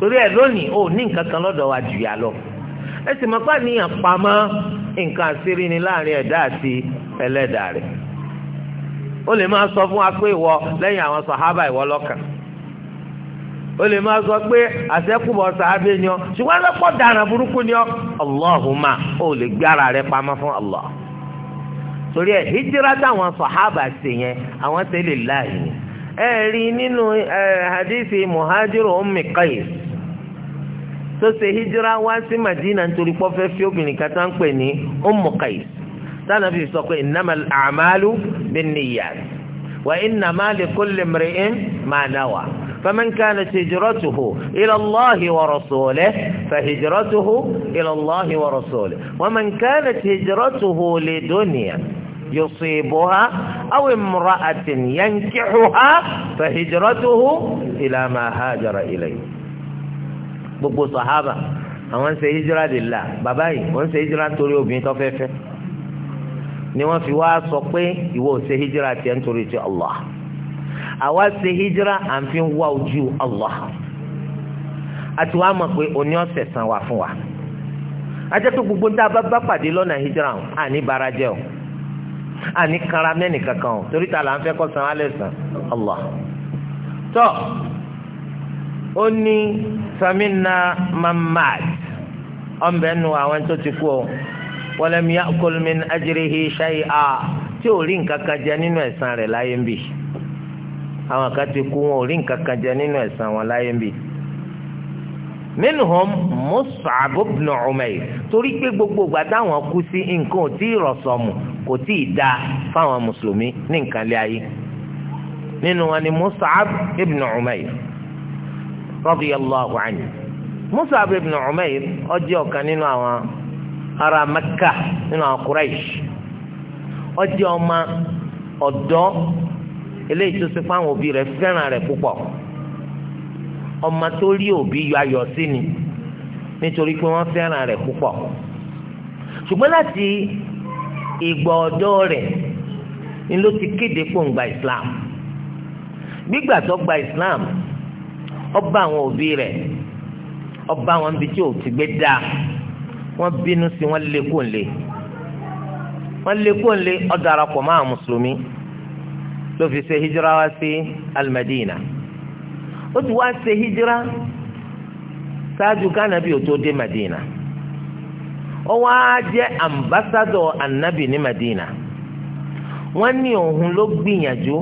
Speaker 1: torí ẹ lónìí ò ní nǹkan kan lọ́dọ̀ wa jù yà lọ ẹ sì mọ̀ pé àníyàn pamọ́ nǹkan àṣírí ni láàrin ẹ̀dá àti ẹlẹ́dàá rẹ̀ ó lè máa sọ fún wa pé ìwọ lẹ́yìn àwọn sàhábà o lè máa sọ pé àṣẹkùbọ̀ sàábé ni ọ ṣùgbọ́n lọ́pọ̀ dàrán burúkú ni ọ Allahumma o lè gbé ara rẹ pamọ́ fún Allah torí ẹ hijira táwọn sàhábà ṣe yẹn àwọn ṣe lè láàyè ẹ rí nínú ẹ hadithi muhajiru ummi qais tó ṣe hijira wá sí madina nítorí pọ́fẹ́ fi obìnrin kan tá ń pè ní ummu qais tánàbí sọ pé innamal a'malu bin niyyat وإنما لكل امرئ ما نوى فمن كانت هجرته إلى الله ورسوله فهجرته إلى الله ورسوله ومن كانت هجرته لدنيا يصيبها أو امرأة ينكحها فهجرته إلى ما هاجر إليه بقوا صحابة àwọn ń لله باباي lillah bàbá yìí wọ́n ni wọ́n fi wá sọ pé ìwọ ò ṣe hijira tiẹ̀ nítorí ti Allah àwa ṣe hijira à ń fi wá ojú Allah àti wàá mọ̀ pé òní ọ̀sẹ̀ san wà fún wa ajẹ́ pé gbogbo tá a bá bá pàdé lọ́nà hijira o àní bara jẹ́ o àní kara mẹ́ni kankan o torí ta là ń fẹ́ kọ́ san alẹ́ san Allah tó ó ní samina mamad ọ̀nbẹ́nu àwọn tó ti kú o. walam ya'kul min ajrihi shay'a tí ò rí nǹkan kan jẹ nínú ẹ̀san rẹ̀ láyé ń bì àwọn kan ti kú wọn ò rí nǹkan kan jẹ nínú ẹ̀san wọn láyé ń bì. minhum Mus'ab ibn Umayr torí pé gbogbo ìgbà táwọn kú sí nǹkan ò tí ì rọ̀sọ̀mù kò tí ì dáa fáwọn mùsùlùmí ní nǹkan lé ayé nínú wọn ni Mus'ab ibn Umayr radiyallahu anhu Mus'ab ibn Umayr ó jẹ́ ọ̀kan nínú àwọn ará Mẹ́kà nínú àwọn Quraish ọjọ́ ọmọ ọ̀dọ́ eléyìí tó ṣe fáwọn òbí rẹ̀ fẹ́ràn rẹ̀ púpọ̀ ọmọ tó rí òbí yọ ayọ̀ sí ni nítorí pé wọ́n fẹ́ràn rẹ̀ púpọ̀ ṣùgbọ́n láti ìgbà ọ̀dọ́ rẹ̀ ni ló ti kéde pòǹgbà Islam gbígbà tó gba Islam ó bá àwọn òbí rẹ̀ ó bá àwọn ibi tí ò ti gbé dáa. wọn bínú sí wọ́n lé kó lé wọ́n lé kó lé ó darapọ̀ mùsùlùmí ló fi ṣe hijira wá sí alimadina ó ti wá ṣe hijira ṣáájú kánábì ò tó dé madina ó wá jẹ ambassadọ̀ anabi ní madina wọn ní òun ló gbìyànjú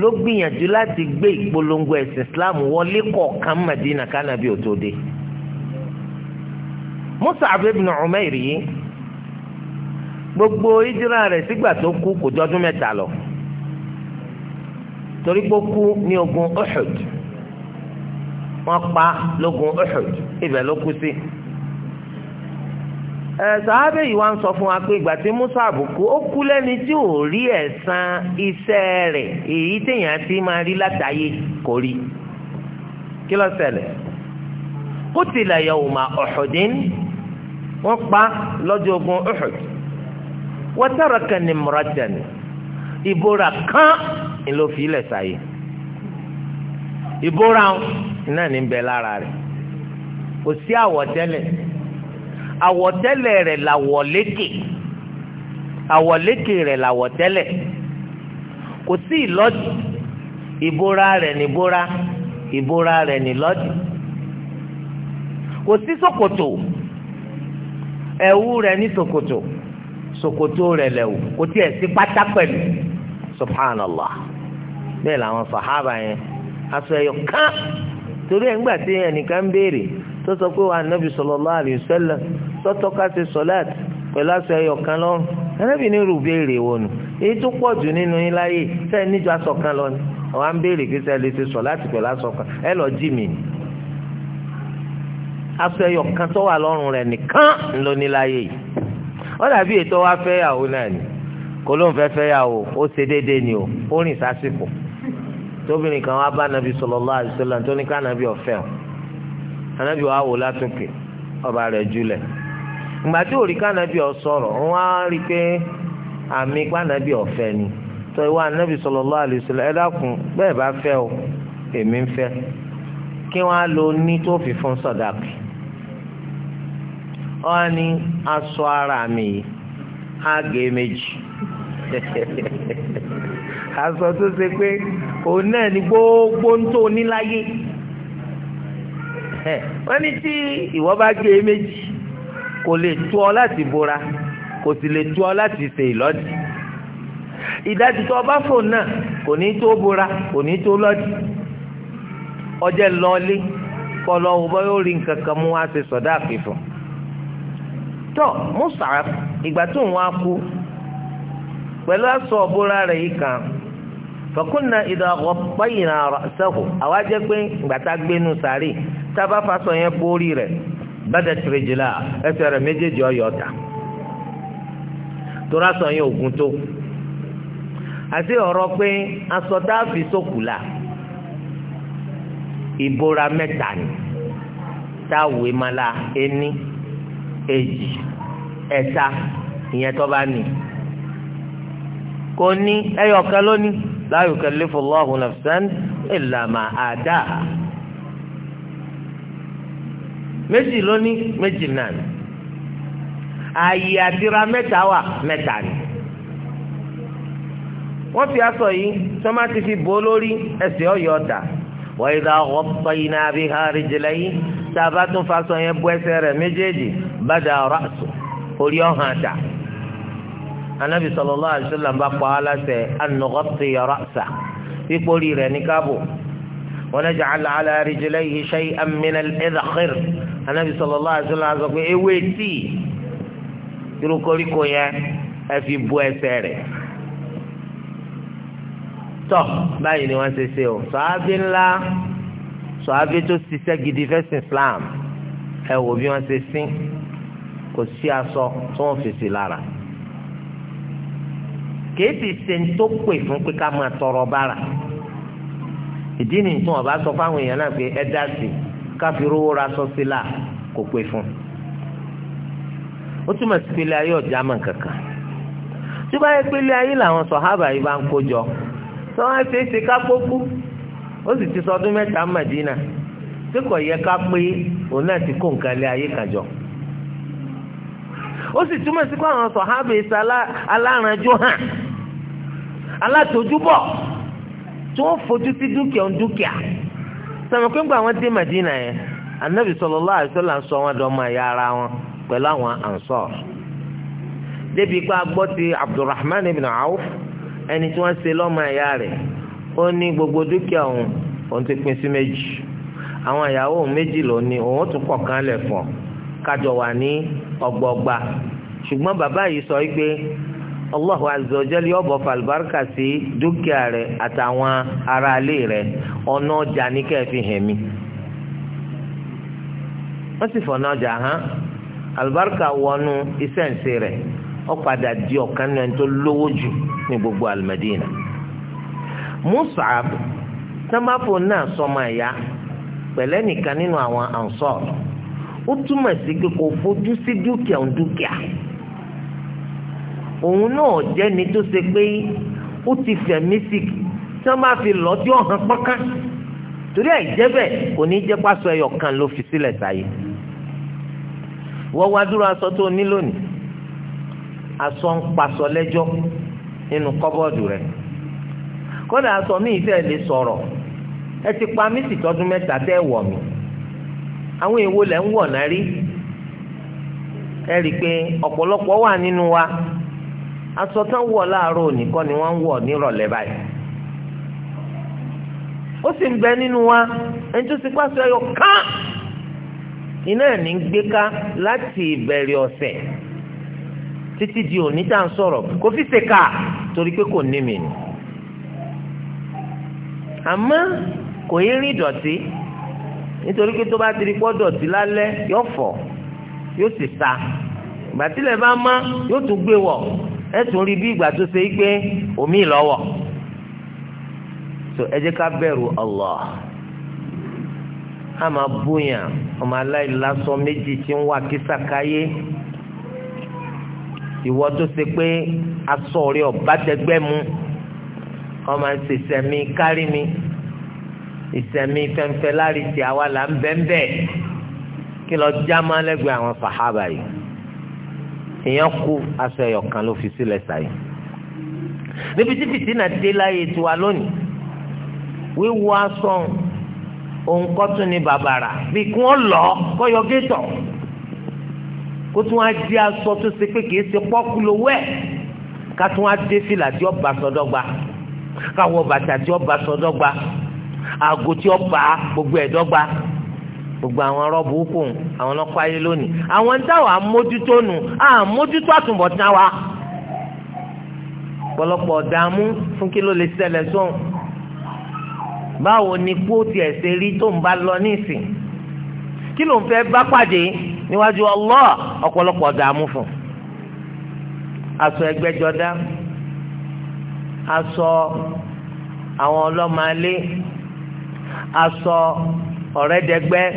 Speaker 1: ló gbìyànjú láti gbé ìpolongo ẹ̀sìn islam wọlé kọ̀ọ̀kan madina kánábì ò tó dé. Mus'ab ibn Umair yìí gbogbo ìdíra rẹ̀ sígbà tó kú kò jọdún mẹ́ta lọ torí pé ó kú ní ogun Uhud wọ́n pa lógun Uhud ibẹ̀ ló kú sí. ẹ sàábẹ̀ yìí wá ń sọ fún wa pé ìgbà tí Mus'ab kú ó kú lẹ́ni tí ò rí ẹ̀san iṣẹ́ rẹ̀ èyí téèyàn ti máa rí látàyè kò rí kí ló ṣẹlẹ̀ qutila yawma Uhudin. wọ́n pa lọ́jọ́ ogun Uhud wa taraka nimratan ìbora kan ló fi ilẹ̀ sáyé ìbora náà ní bẹ lára rẹ̀ kò sí àwọ̀tẹ́lẹ̀ àwọ̀tẹ́lẹ̀ rẹ̀ làwọ̀ lékè àwọ̀lékè rẹ̀ làwọ̀tẹ́lẹ̀ kò sí ìlọ́dì ìbora rẹ̀ níbora ìbora rẹ̀ nílọ́dì kò sí ṣòkòtò. So ẹ̀wù rẹ̀ ní ṣòkòtò ṣòkòtò rẹ̀ lẹ̀wù kò tiẹ̀ sí pátá pẹ̀lú subhanallah bẹ́ẹ̀ làwọn sàhábà yẹn aṣọ ẹ̀yọ kán torí ẹ̀ ńgbà tí ẹnìkan ń béèrè tó sọ pé wà nábì sallallahu alaihi wasallam sọ́tọ́ ká ṣe sọ́láàt pẹ̀lú aṣọ ẹ̀yọ kan lọ́rùn ẹ̀rẹ́bì ní rú béèrè wọn nù èyí tó pọ̀ jù nínú yín láyé sẹ́ẹ̀ níjọ aṣọ lọ ni àwọn á ń béèrè pé sẹ́ẹ̀ lè ṣe sọ́láàt pẹ̀lú aṣọ ẹ lọ jí mi ni aṣọ ẹyọ kan tó wà lọ́rùn rẹ̀ nìkan ńlọ níláyé yìí ó dàbí ètò wa fẹ́ yàwó náà ni kò ló ń fẹ́ fẹ́ yàwó ó ṣe déédéé ni o ó rìn sásìkò tóbìnrin kan wá bá nàbí sallallahu alaihi wasallam tó ní ká nàbí ọ̀fẹ́ o nàbí wàá wò látòkè ọba rẹ̀ júlẹ̀ ìgbà tí òrí ká nàbí ọ sọ̀rọ̀ wọ́n á rí pé àmì ká nàbí ọ̀fẹ́ ni tó ìwà nàbí sallallahu alaihi ẹ dákun bẹ́ẹ̀ bá fẹ́ o èmi ń fẹ́ kí wọ́n á lo ní tó fi fún sọ̀dàkì wọ́n ní aṣọ ara mi a ágè méjì aṣọ tó ṣe pé òun náà ní gbogbo ń tó níláyé wọ́n ní tí ìwọ bá gé méjì kò lè tú ọ láti bora kò sì lè tú ọ láti ṣe ìlọ́dì ìdájí tó ọba fò náà kò ní tó bora kò ní tó lọ́dì ọjẹ́ lọ́ọ́lé kọ́ lọ́wọ́ bọ́ yóò rí nǹkan kan mú wá ṣe sọ̀dá àfihàn. tọ musa ìgbà tó ń wá kú pẹ̀lú aṣọ ọ̀bọ̀ra rẹ̀ yìí kan fọkúnna ìdàgbọ́ báyìí náà àwa pé gbàtà gbénu sàárì tábà fasọ yẹn borí rẹ̀ bàtà tìrìjìlá ẹsẹ̀ rẹ̀ méjèèjì ọ̀yọ̀ ọ̀tà tó rásọ yẹn ògùn tó àti pé la ìbora èjì ẹ̀ta ìyẹn tó bá ní kò ní ẹyọkan lónìí la yukallifu Allahu nafsan illa ma ataha méjì lónìí méjì náà ni ààyè àtira mẹ́ta wà mẹ́ta ni wọ́n fi aṣọ yìí tó má ti fi bò lórí ẹsẹ̀ ọ̀yọ́ ọ̀dà wa idha ghattayna biha rijlayhi tá a bá tún faṣọ yẹn bọ́ ẹsẹ̀ rẹ̀ méjèèjì bàdà ra'su orí ọ̀hàn àdá anabi sallallahu alaihi wasallam bá pa á láṣẹ anugọ́tì ra'sa pípọ̀ orí rẹ̀ ní káàbò wa naj'al ala rijlayhi shay'an min al-idkhir anabi sallallahu alaihi wasallam sọ pé ewé tíì irú koríko yẹn ẹ fi bọ́ ẹsẹ̀ rẹ̀ tọ́ báyìí ni wọ́n ṣe ṣe o sàábì ńlá sọ̀hábí tó ṣiṣẹ́ gidi fẹ́sìn Islam ẹ wò bí wọ́n ṣe sín kò sí aṣọ tó wọ́n fèsì lára kéèsì ṣe ń tó pè fún pé ká máa tọrọ bára ìdí nìyí tí wọ́n bá sọ fáwọn èèyàn náà pé ẹ dá sí káfi rówó ra sọ sí là kò pè fún ó túmọ̀ sí pélé ayé ọ̀já mọ̀ kankan tí bá yẹ pélé ayé làwọn sọ̀hábà yìí bá ń kó jọ sọ wọ́n ṣe é ṣe ká pókú. ó sì ti sọdún mẹ́ta màdínà tí kò yẹ ká pé òun náà ti kó nǹkan lé ayé o si ó sì túmọ̀ sí pé àwọn sọ̀hábẹ́sì aláranjú hàn
Speaker 2: alátojúbọ̀
Speaker 1: tí wọ́n fojú sí dúkìá ń dúkìá sọ̀rọ̀ pé ńgbà wọ́n dé yẹn anabi sallallahu alaihi wasallam ń sọ wọn dọ́mọ ẹ̀yà ara wọn pẹ̀lú àwọn ansar débi pé gbọ́ ti abdulrahman ibn awf ẹni tí wọ́n ó ní gbogbo dúkìá òun òun ti pin sí méjì àwọn ìyàwó òun méjì ló ní òun tún kọ̀ọ̀kan lẹ̀ fọ̀ kájọ wà ní ṣùgbọ́n bàbá yìí sọ pé Allahu azza wa jalla sí dúkìá rẹ̀ àtàwọn aráalé rẹ̀ ọ̀nà ọjà ní kẹ́ẹ̀fì hẹ̀ wọ́n sì fọ̀nà ọjà hàn àlùbáríkà wọnú iṣẹ́ ìṣe rẹ̀ ó di ọ̀kan gbogbo Mus'ab sábàfò náà sọmọ ẹ̀yà pẹ̀lẹ́ nìkan nínú àwọn ansọ́ọ̀ ó túmọ̀ sí pé kò fojú sí dúkìá ń dúkìá òun náà jẹ́ni tó ṣe pé ó ti fẹ̀mí sí tí wọ́n bá fi lọ tí ó hàn pọ́nkán torí àìjẹ́ bẹ́ẹ̀ kò ní jẹ́ pásọ ẹyọ kan ló fi sílẹ̀ sáyé wọ́n wá dúró aṣọ tó ní lónìí aṣọ ń pasọ lẹ́jọ́ nínú kọ́bọ́ọ̀dù rẹ̀ kódà aṣọ mi ìfẹ́ lè sọ̀rọ̀ ẹ ti pa mí sì tọdún mẹ́ta tẹ́ wọ̀ mí àwọn èèwọ̀ lẹ̀ ń wọ̀ náà rí ẹ rí i pé ọ̀pọ̀lọpọ̀ wà nínú wa aṣọ tán wọ̀ láàárọ̀ ni wọ́n ń wọ̀ nírọ̀lẹ́ báyìí ó sì ń bẹ nínú wa ẹni tó ti pàṣẹ ẹyọ iná ẹ̀ ní gbé ká di òní tá à ń sọ̀rọ̀ torí pé kò ní àmọ́ kò yé rí dọ̀tí nítorí pé tó bá ti rí pọ́ dọ̀tí lálẹ́ yóò fọ̀ yóò sì sa ìgbà tílẹ̀ bá mọ́ yóò tún gbé wọ̀ ẹ tún rí bí ìgbà tó ṣe é pé omi lọ́wọ́ so ẹ jẹ́ ká bẹ̀rù Allah a máa bóyàn ọmọ aláìlásọ méjì tí ń wá kísàkáyé ìwọ tó ṣe pé aṣọ rẹ mu wọ́n máa ń ṣe ìsẹ̀mí kárí mi ìsẹ̀mí fẹ́ńfẹ́ lárí ti àwa là ń bẹ́ńbẹ́ kí lọ já máa lẹ́gbẹ̀ẹ́ àwọn sàhábà yìí èèyàn kú aṣọ ẹ̀yọ̀ kan ló fi sílẹ̀ sáyé níbi tí fìtínà dé láyé tiwa lónìí wíwọ aṣọ òun kọ́tún ní bàbàrà bí kí wọ́n lọ kọ́yọ gétọ̀ kó tún á di aṣọ tó ṣe pé kì ṣe pọ́kú lówó ẹ̀ ká tún á dé fìlà tí ó bá sọdọ́gba. So káwọ bàtà tí ó bá sọdọ́gba aago tí ó bá gbogbo ẹ̀ dọ́gba gbogbo àwọn rọ́ọ̀bù kùn àwọn ọlọ́kọ ayé lónìí àwọn ń dáwọ̀ àmójútó nù àmójútó àtúbọ̀tán wa pọ̀lọpọ̀ dààmú fún kí ló lè ṣẹlẹ̀ sóun báwo ni kóòtù ẹ̀sẹ̀ rí tó ń bá lọ nísìn kí ló ń fẹ́ bá pàdé níwájú Allah ọ̀pọ̀lọpọ̀ dààmú fún aṣọ ẹgbẹ́jọdá aṣọ àwọn ọlọ́mọalé aṣọ ọ̀rẹ́dẹgbẹ́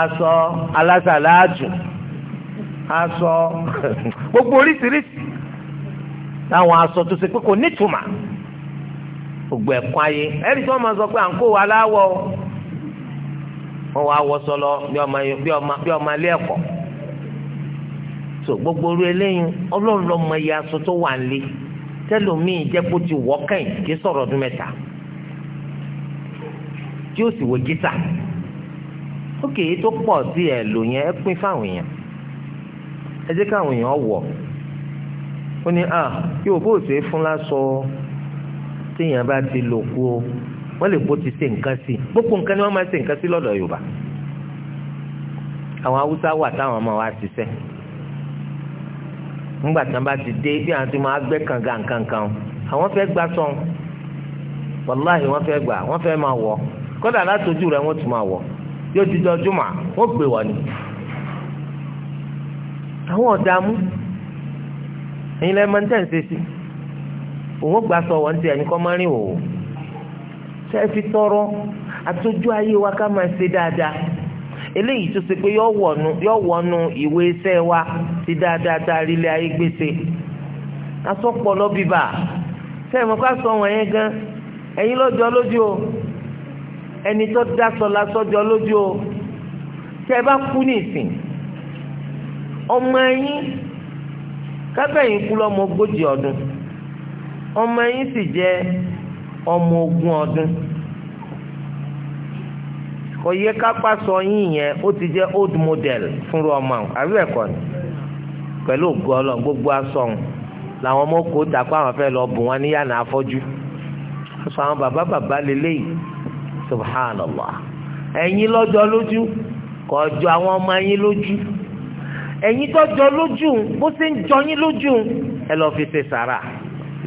Speaker 1: aṣọ alásàláàtù aṣọ gbogbo oríṣiríṣi táwọn aṣọ tó ṣe pé kò nítumà gbogbo ẹ̀kọ́ ayé ẹ̀rí tí wọ́n máa sọ pé à ń kó wa láwọ̀ wọ́n wá wọṣọ lọ bí ọmọ ilé ẹ̀kọ́ so gbogbo orí eléyìí ọlọ́run lọ́mọ iye aṣọ tó wà ń lé tẹlomiin jẹ́ kó ti wọ́ kẹ́yìn kí sọ̀rọ̀ ọdún mẹ́ta tí ó sì wọ gítà ókè yìí tó pọ̀ sí ẹ̀ lò yẹn ẹ pín fáwọn èèyàn ẹ jẹ́ káwọn èèyàn wọ̀ ó ní à ah, yóò bó ṣe fún lásọ téèyàn bá ti lò kú o wọ́n lè kó ti ṣe nǹkan sí gbogbo nǹkan ni wọ́n máa ṣe nǹkan sí lọ́dọ̀ Yorùbá àwọn Haúsá wà táwọn ọmọ wa ṣiṣẹ́. ńgbà tí wọn bá ti dé bí àwọn ti máa gbẹ́ kànga nǹkankan àwọn fẹ́ gbà sọ̀n wàláhì wọ́n fẹ́ gbà wọ́n fẹ́ máa wọ̀ kódà látòjú rẹ̀ wọ́n tún máa wọ̀ yóò ti jọ jùmọ̀ wọ́n gbé wọ̀ ni. àwọn ọ̀dààmú ẹ̀yin lẹ́yìn máa ń tẹ̀ ń ṣe sí òun gbà sọ ti kọ́ máa rìn òwò fi tọrọ àtòjú ayé wa ká máa ṣe dáadáa eléyìí tó ṣe pé yọ wọnú yọ wọnú ìwé iṣẹ́ wa ti dáadáa tá a rí ilé ayé gbèsè asọpọlọ bíbà sẹẹmọ ká sọ wọn yẹn gan ẹ̀yin lọ́jọ́ lójú o ẹni tó dá sọlá sọjọ lójú o tẹ ẹ bá kú ní ọmọ ẹ̀yin kábẹ́yìn kú lọ́mọ ogójì ọdún ọmọ ẹ̀yin sì jẹ́ ọmọ ogún ọdún kò yẹ kápá sọ yín yẹn ó ti jẹ́ old model fúnra ọmọ àwọn àbí ẹ̀kọ́ ni pẹ̀lú ògùn ọlọ́run gbogbo asọ̀hún làwọn ọmọ kò dàpọ̀ àwọn fẹ́ lọ bùn wọn níyànà afọ́jú sọ àwọn bàbá bàbá lélẹ́yìí subhanallah ẹ̀yin lọ́jọ́ lójú kò jọ àwọn ọmọ ẹ̀yin lójú ẹ̀yin tó lójú bó ṣe ń jọ yín lójú ẹ lọ́ọ́ fi ṣe sàrà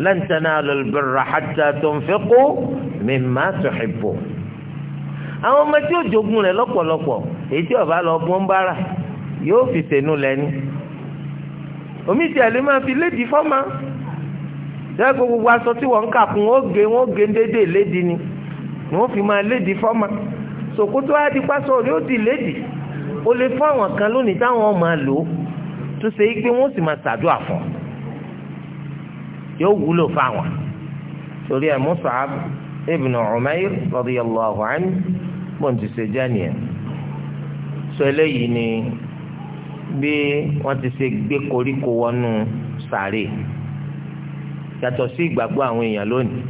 Speaker 1: lan tanalul birra hatta tunfiqu mimma tuhibbu àwọn ọmọ tí ó jogun rẹ̀ lọ́pọ̀lọpọ̀ èyí tí ọba lọ bọ́n bára yóò fi sẹ́nu lẹ́ni omi tí ẹ̀lẹ́ máa fi lédi fọ́mà jẹ́ gbogbo aṣọ tí wọ́n ń kà fún wọ́n gé wọ́n gé déédéé lédi ni wọ́n fi máa lédi fọ́mà sòkòtò adipasọ̀ rẹ̀ ó di lédi o lè fún àwọn kan lónìí táwọn máa lò ó tó ṣe é pé wọ́n sì máa ṣàdúrà fún yóò wúlò fáwọn torí ẹ̀ Mus'ab ibn Umair radiyallahu anhu bọ́n ti ṣe jẹ́ nìyẹn sọ eléyìí ni bí wọ́n ti ṣe gbé koríko wọnú sàárè yàtọ̀ sí ìgbàgbọ́ àwọn èèyàn lónìí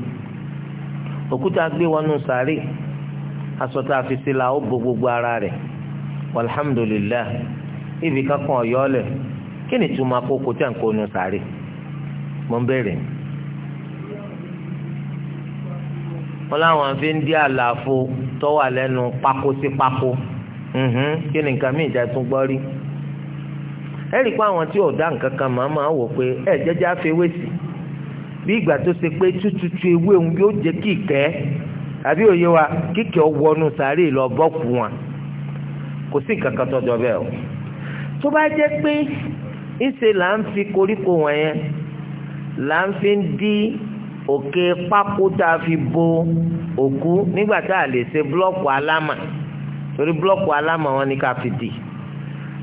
Speaker 1: òkúta gbé wọnú sàárè aṣọ tá a fi sí la ó bo gbogbo ara rẹ̀ alhamdulilayi ibi kankan ọ̀yọ́ lẹ̀ kí ni túmọ̀ akókò tẹ̀ ń kó nu sàárè mo ń bẹ̀rẹ̀ ni. wọn láwọn fi ń dí àlàfo tó wà lẹ́nu pákó sí pákó mhm. kí ni nǹkan mìíràn tún gbọ́ rí ẹ rí i pé àwọn tí ò dá nǹkan kan máa máa wò pé ẹ jẹ́jẹ́ àfẹwé sí bí ìgbà tó ṣe pé tútútù ewé òun yóò jẹ́ kí ìkẹ́ àbí òye wa kíkẹ́ ọwọ́nu sàárè lọ bọ́ọ̀kù wọn kò sí nǹkan kan tọ́jọ́ bẹ́ẹ̀ o tó bá jẹ́ pé ńṣe là ń fi koríko wọ̀nyẹn là ń fi ń dí òkè pákó tá a fi bo òkú nígbà tá a lè ṣe búlọ́ọ̀kù alámà torí búlọ́ọ̀kù alámà wọn ni ká fi dì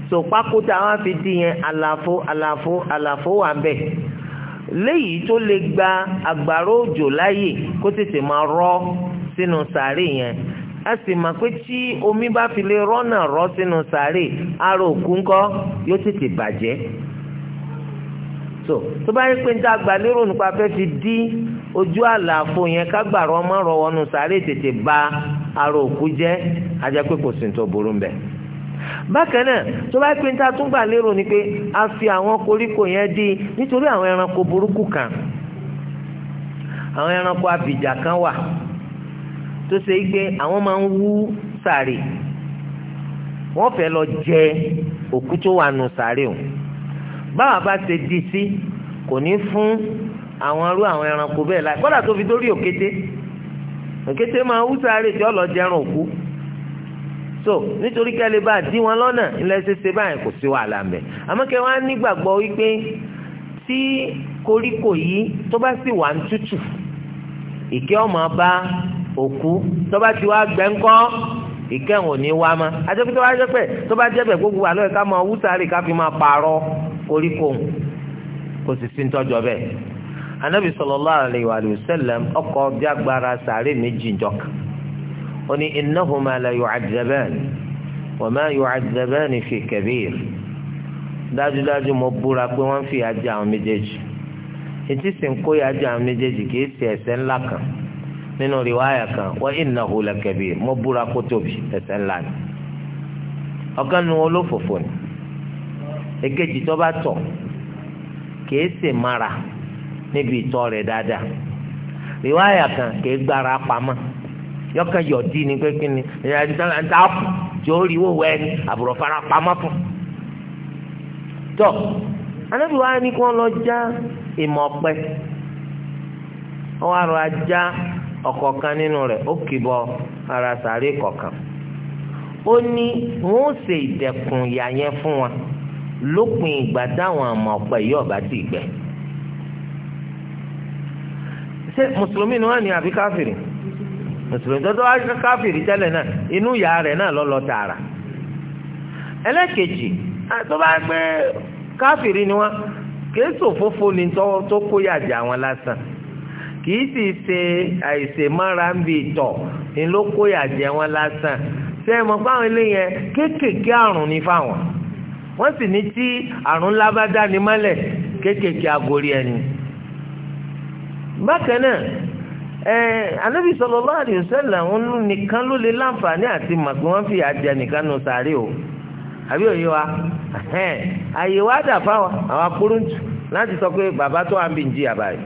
Speaker 1: so pákó tá a wá fi dì yẹn àlàfo àlàfo àlàfo wà ń bẹ léyìí tó lè gba àgbàrá òjò láàyè kó tètè máa rọ sínú sàárè yẹn a sì mọ̀ pé tí omi bá fi lè rọ́nà rọ́ sínú sàárè ara òkú ńkọ́ yóò tètè bàjẹ́ so tó bá yẹ pé ń dàgbà lérò nípa fẹ́ fi dí ojú àlàfo yẹn kágbàrọ̀ ọmọ rọ wọnú sàárè tètè ba ara òkú jẹ́ ajá pé kò sí ní tó burú ń bẹ̀. bákan náà tó bá yẹ ta tún gbà lérò ni pé a fi àwọn koríko yẹn dí nítorí àwọn ẹranko burúkú kan àwọn ẹranko abìjà kan wà tó ṣe pé àwọn máa ń wú sàárè wọ́n fẹ́ lọ jẹ òkú tó wà nù sàárè o báwa bá ṣe di sí kò ní fún àwọn arú àwọn ẹranko bẹ́ẹ̀ láì kọ́dà tó fi dórí òkété òkété máa ń sáré tí ọlọ́ jẹran òkú so nítorí kẹ́lẹ́ bá dín wọn lọ́nà ilẹ̀ ṣẹṣẹ báyìí kò sí wàhálà mẹ́ àmọ́ kẹ́ wọ́n á nígbàgbọ́ wípé tí koríko yìí tó bá sì wà ń tútù ìkẹ́ ọmọ bá òkú tó bá ti wá gbẹ́ ńkọ́ ìkẹ́ wọn ò ní wá ma àjẹpẹ́ tó bá jẹ́ pẹ́ tó bá jẹ́ pẹ́ gbogbo àlọ́ ẹ̀ká máa wú sáré ká fi máa pààrọ̀ orí fóun kò sì sí ntọ́jọ́ bẹ́ẹ̀ anabi sallallahu alayhi wa sallam ọkọ̀ bí agbára sàárè méjì jọkàn ó ní innahuma la yu'adzaban wa ma yu'adzaban fi kabir dájúdájú mo búra pé wọ́n fi ajá àwọn méjèèjì etí sì ń kó ajá àwọn méjèèjì kì í ṣe ẹ̀ṣẹ̀ ńlá kan nínú riwaayà kan wa innahu la kabir mo búra kó tóbi ẹ̀ṣẹ̀ ńlá ni ọ̀gá nu olófòfò ni èkejì tó bá tọ̀ kìí mara níbi ìtọ̀ rẹ̀ dáadáa rìwáyà kan kìí gbára pamọ́ yọkàn yọ̀dí ni pé kí ni ẹ̀yà ìta tí ó rí ni àbúrò fara pamọ́ fún tọ́ anábì wa ni kí wọ́n lọ já ìmọ̀ ọ̀pẹ wọ́n wá lọ já ọ̀kọ̀ọ̀kan nínú rẹ̀ ó kìbọ ara sàárè ó ní wọ́n ó ṣe ìdẹ̀kùn ìyà fún wa. lópin ìgbà táwọn àmọ̀ ọ̀pẹ yìí ọba ti gbẹ. ṣé mùsùlùmí ni wọ́n ní àbí káfìrì mùsùlùmí tó tó wá káfìrì tẹ́lẹ̀ náà inú ìyá rẹ̀ náà lọ́lọ́ tààrà. ẹlẹ́kejì tó bá gbé káfìrì ni ni tó kó lásán kìí sì ṣe ń bi ni ló kó wọn lásán ṣé wọ́n sì ní tí àrùn ńlá bá dáni mọ́lẹ̀ kéékèèké agorí ẹni. bákan náà anabi sallallahu alaihi wasallam òun nìkan ló lè láǹfààní àti màgbé wọ́n fi àjẹ nìkan nù sàárè o àbí òye wa àyè wa dà fáwọn àwọn akóróńtù láti sọ pé bàbá tó wà ń bì ń jí àbáyé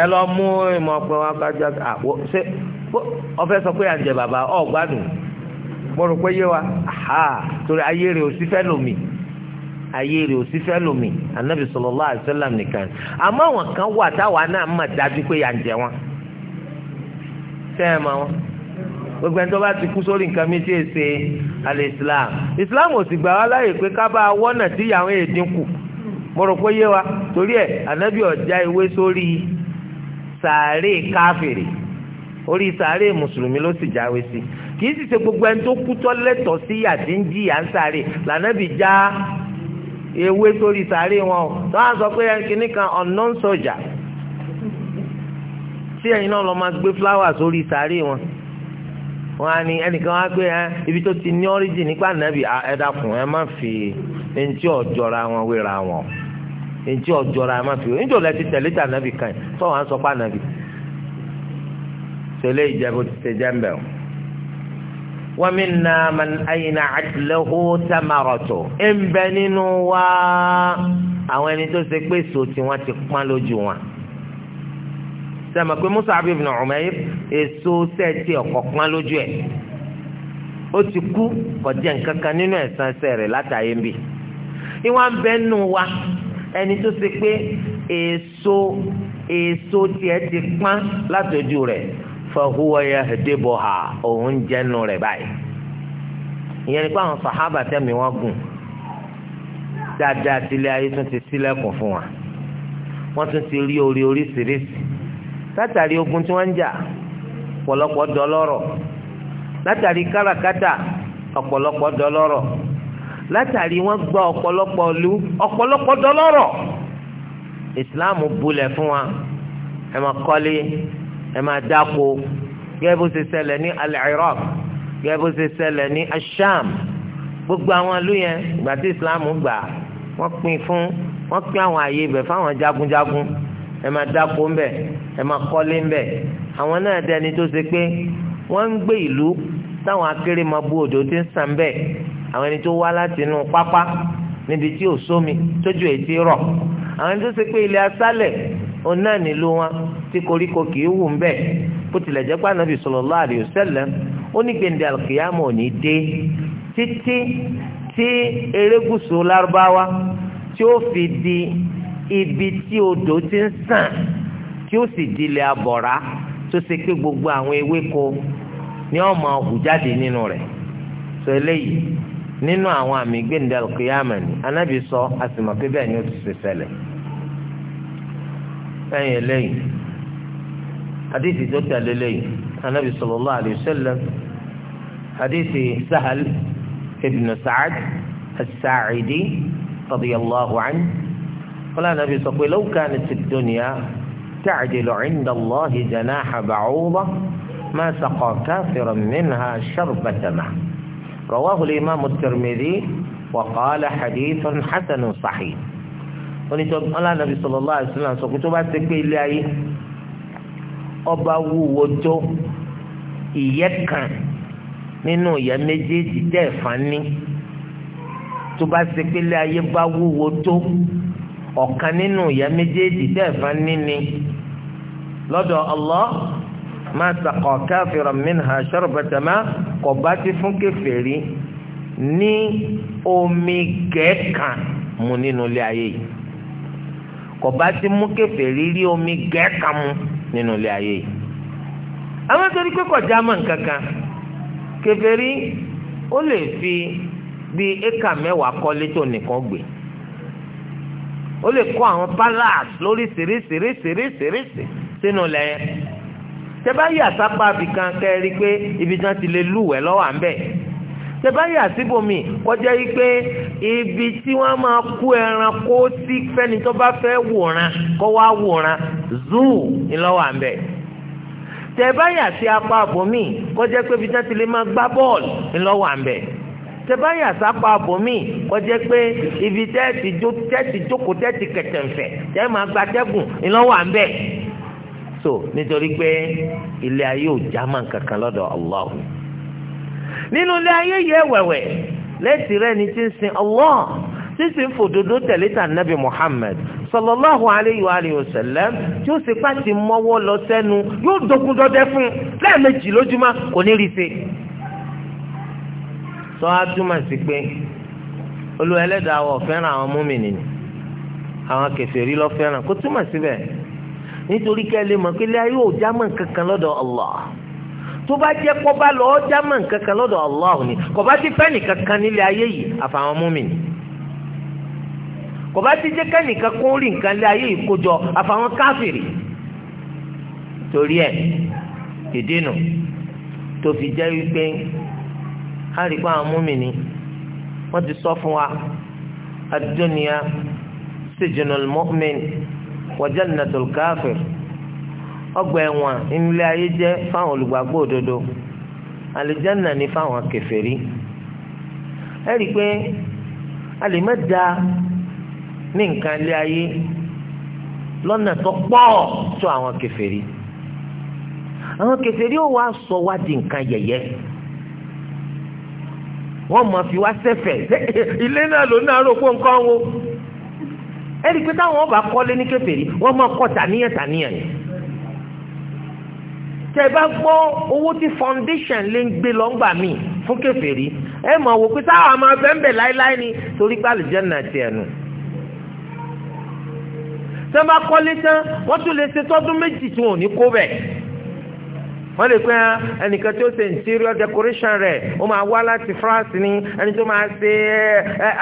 Speaker 1: ẹ lọ mú ìmọ̀ ọ̀pẹ wọn kájọ ṣe ọfẹ sọ pé à bàbá ọ̀ gbádùn mo pé yé wa ha torí ayé rẹ̀ ò sí fẹ́ lómi ayé rẹ̀ ò sí fẹ́ lómi anabi sallallahu alaihi wasallam nìkan àmọ́ àwọn kan wà táwa náà mà dájú pé yà ń jẹ wọn sẹ́yìn ma wọn gbogbo ẹni tó bá ti kú sórí nǹkan mi tí ì ṣe alẹ́ islam ò sì gbà wá láàyè pé ká bá a wọ́nà tí ìyàwó yẹn dínkù mo rò pé yé wa torí ẹ̀ anabi ọ̀já ìwé sórí sàárè káfìrì orí sàárè mùsùlùmí ló sì jáwé sí kì í sì ṣe gbogbo ẹni tó kú tọ́ lẹ́tọ̀ọ́ sí àti ń jìyà ń sáré lànàbì já ewé sórí sáré wọn o tó wá sọ pé kìnnì kan unknown soldier tí ẹ̀yin náà lọ máa gbé fúláwà sórí sáré wọn wọn á ní ẹnìkan wá pé ibi tó ti ní origin nípa nàbì ẹ dákun ẹ má fi ntí ọjọra wọn wéra wọn ntí ọjọra ẹ má fi wọn níjọ lẹti tẹlẹ tà nàbì kan tó wọn á sọ pé ànàbì tẹlẹ ìjẹbù ti ṣe jẹ ń bẹ o wa minna man ayna adlahu tamaratu ń bẹ nínú wa àwọn ẹni tó ṣe pé èso tí wọ́n ti pọ́n lójú wọn sẹ́mi pé Mus'ab ibn Umayr èso sẹ́ẹ̀tì ọ̀kọ̀ pọ́n lójú ẹ̀ ó ti kú kọjá nǹkankan nínú ẹ̀san sẹ́rẹ̀ látàyè ń bì ìwọ̀n bẹ nínú wa ẹni tó ṣe pé èso èso tiẹ̀ ti pọ́n látọ̀jú rẹ̀ fahuwa yahdibuha òun jẹ́nu rẹ̀ báyìí ìyẹn ni pé àwọn sàhábà tẹ̀mí wọn gùn dáadáa tilé ayé tún ti ṣílẹ̀kùn fún wa wọ́n tún ti rí orí oríṣiríṣi látàrí ogun tí wọ́n ń jà ọ̀pọ̀lọpọ̀ dọlọ́rọ̀ látàrí káràkátà ọ̀pọ̀lọpọ̀ dọlọ́rọ̀ látàrí gba ọ̀pọ̀lọpọ̀ lu ìsìláàmù fún wa ẹ máa ẹ máa dáko gẹ́gẹ́ bó ṣe ṣẹlẹ̀ ní al-Iraq gẹ́gẹ́ bó ṣe ṣẹlẹ̀ ní asham gbogbo àwọn ìlú yẹn ìgbà tí islam gbà wọ́n pín fún wọ́n pín àwọn àyè ibẹ̀ fáwọn jagunjagun ẹ máa dáko ńbẹ̀ ẹ máa kọ́lé ńbẹ̀ àwọn náà dẹni tó ṣe pé wọ́n ń gbé ìlú táwọn akéré máa bú odò tí ń sàn bẹ́ẹ̀ àwọn ẹni tó wá láti inú pápá níbi tí ò sómi tójú èyí ti rọ̀ àwọn ẹni tó ṣe pé ilẹ̀ asálẹ̀ òun náà nílò wọn tí koríko kì í wù ń bẹ bó tilẹ̀ jẹ́ pé anabi sallallahu alayhi wa ò ní dé títí tí erékùsù fi di ibi tí odò ti ń sàn tí ó sì di ilẹ̀ abọ̀rá tó ṣe pé gbogbo àwọn ewéko ni wọ́n máa hù jáde nínú rẹ̀ sọ eléyìí nínú àwọn àmì gbèǹde àlùkìyàmù ni anabi sọ pé bẹ́ẹ̀ ni ó ti ṣe lẹ́yìn eléyìí hadithi tó tẹ̀lé lẹ́yìn anabi sallallahu alayhi wa sallam hadithi sahal ibn sa'ad as-sa'idi radiyallahu an wala anabi sọ pé law kanat ad-dunya ta'dilu 'inda Allahi janaha ba'uda ma saqa kafiran minha sharbata ma rawahu al-imam at-tirmidhi wa qala hadithun hasanun sahih. onítọ́gbọ́n ọlànàbí sallallahu alaihi wasallam sọ pé tó bá ṣe pé ilé ayé ọba wúwo tó ìyẹ́ kan nínú ìyẹ́ méjèèjì tẹ́ ẹ̀ fani tó bá ṣe pé ilé ayé bá wúwo tó ọ̀kan nínú ìyẹ́ méjèèjì tẹ́ ẹ̀ ni lọ́dọ̀ Allah ma saqa kafiran minha sharbata ma kò bá ti fún kèfèrí ní omi gẹ̀ẹ́kan mu nínú ilé ayé yìí kò bá ti mú kèfèrí rí omi gẹ́ẹ̀ka mu nínú ilé ayé yìí. àwọn torí pé kọjá mọ̀ nǹkan kan kèfèrí ó lè fi bíi éka mẹ́wàá kọ́lé tó nìkan gbé ó lè kọ́ àwọn palace lórí ṣìríṣìríṣìríṣìríṣì sínú ilẹ̀ yẹn tẹ́ bá yà sápá abìkan kẹ́ ẹ rí i pé ibi tí wọ́n ti lè lúwẹ̀ẹ́ lọ́wọ́ à ń bẹ̀ tẹ́báyà síbòmí kọjá yìí pé ibi tí wọ́n máa kó ẹran kó sí fẹ́ni tó bá fẹ́ wòran kó wá wòran zoo ńlọ́wọ́ à ń bẹ̀. tẹ́báyà sí apá àbòmí kọjá pé ibi tí wọ́n ti lè máa gbá bọ́ọ̀lù ńlọ́wọ́ à ń bẹ̀. tẹ́báyà sápá àbòmí kọjá pé ibi tẹ́ẹ̀tì jókòó tẹ́ẹ̀tì kẹ̀tẹ̀ǹfẹ̀ tẹ́ẹ̀ máa gba tẹ́gùn ńlọ́wọ́ à so nítorí pé ilé ayé ò já mọ́ nǹkan kan lọ́dọ̀ Allahu nínú ilé ayé yẹ wẹ̀wẹ̀ lẹ́sì rẹ̀ ti ń sin Allah tí ń fòdodo tẹ̀lé tà sallallahu alayhi wa alihi wa tí ó sì pàtì mọ́wọ́ lọ sẹ́nu yóò dogun dọdẹ fún lẹ́ẹ̀mejì lójúmọ́ kò sọ á túmọ̀ sí pé olú ẹlẹ́dàá wọ̀ fẹ́ràn àwọn múmìnì ni àwọn kèfèrí lọ fẹ́ràn kó túmọ̀ síbẹ̀ nítorí kẹ́lẹ́ mọ̀ tó bá jẹ́ kó bá lọ ọjà mọ̀ nǹkan kan lọ́dọ̀ Allah ni kò bá ti fẹ́ nìkan kan nílé ayé yìí àfàwọn mùmínì kò bá ti jẹ́ kẹ́nìkan kó rí nǹkan lé ayé yìí kójọ àfàwọn káfìrì torí ẹ̀ ìdínú tó fi jẹ́ wípé a rí pa àwọn mùmínì wọ́n ti sọ fún wa ad-dunya sijnul mu'min wa jannatul ọgbà ẹ̀wọ̀n nílé ayé jẹ́ fáwọn olùgbàgbọ́ òdodo àlìjánnà ni fáwọn kèfèrí ẹ rí i pé a lè ní nǹkan ilé ayé lọ́nà tó pọ̀ tó àwọn kèfèrí àwọn kèfèrí ò wá sọ wá di nǹkan fi wá ilé náà ló náà nǹkan wo ẹ rí i pé táwọn ọba kọ́lé ní tẹ bá gbọ́ owó tí foundation lè ń gbé lọ́ngbà mi fún kèfèrí ẹ mọ̀ wò pé táwọn àmọ́ bẹ́ńbẹ̀ láéláé ni torí pé àlùjànnà tiẹ̀ nù. tẹ́ bá kọ́lé tán wọ́n tún lè ṣe tọ́dún méjì tí wọn ò ní kó bẹ̀ wọ́n lè pẹ́ ẹnìkan tó ṣe interior decoration rẹ̀ ó máa wá láti France ni ẹni tó máa ṣe ẹ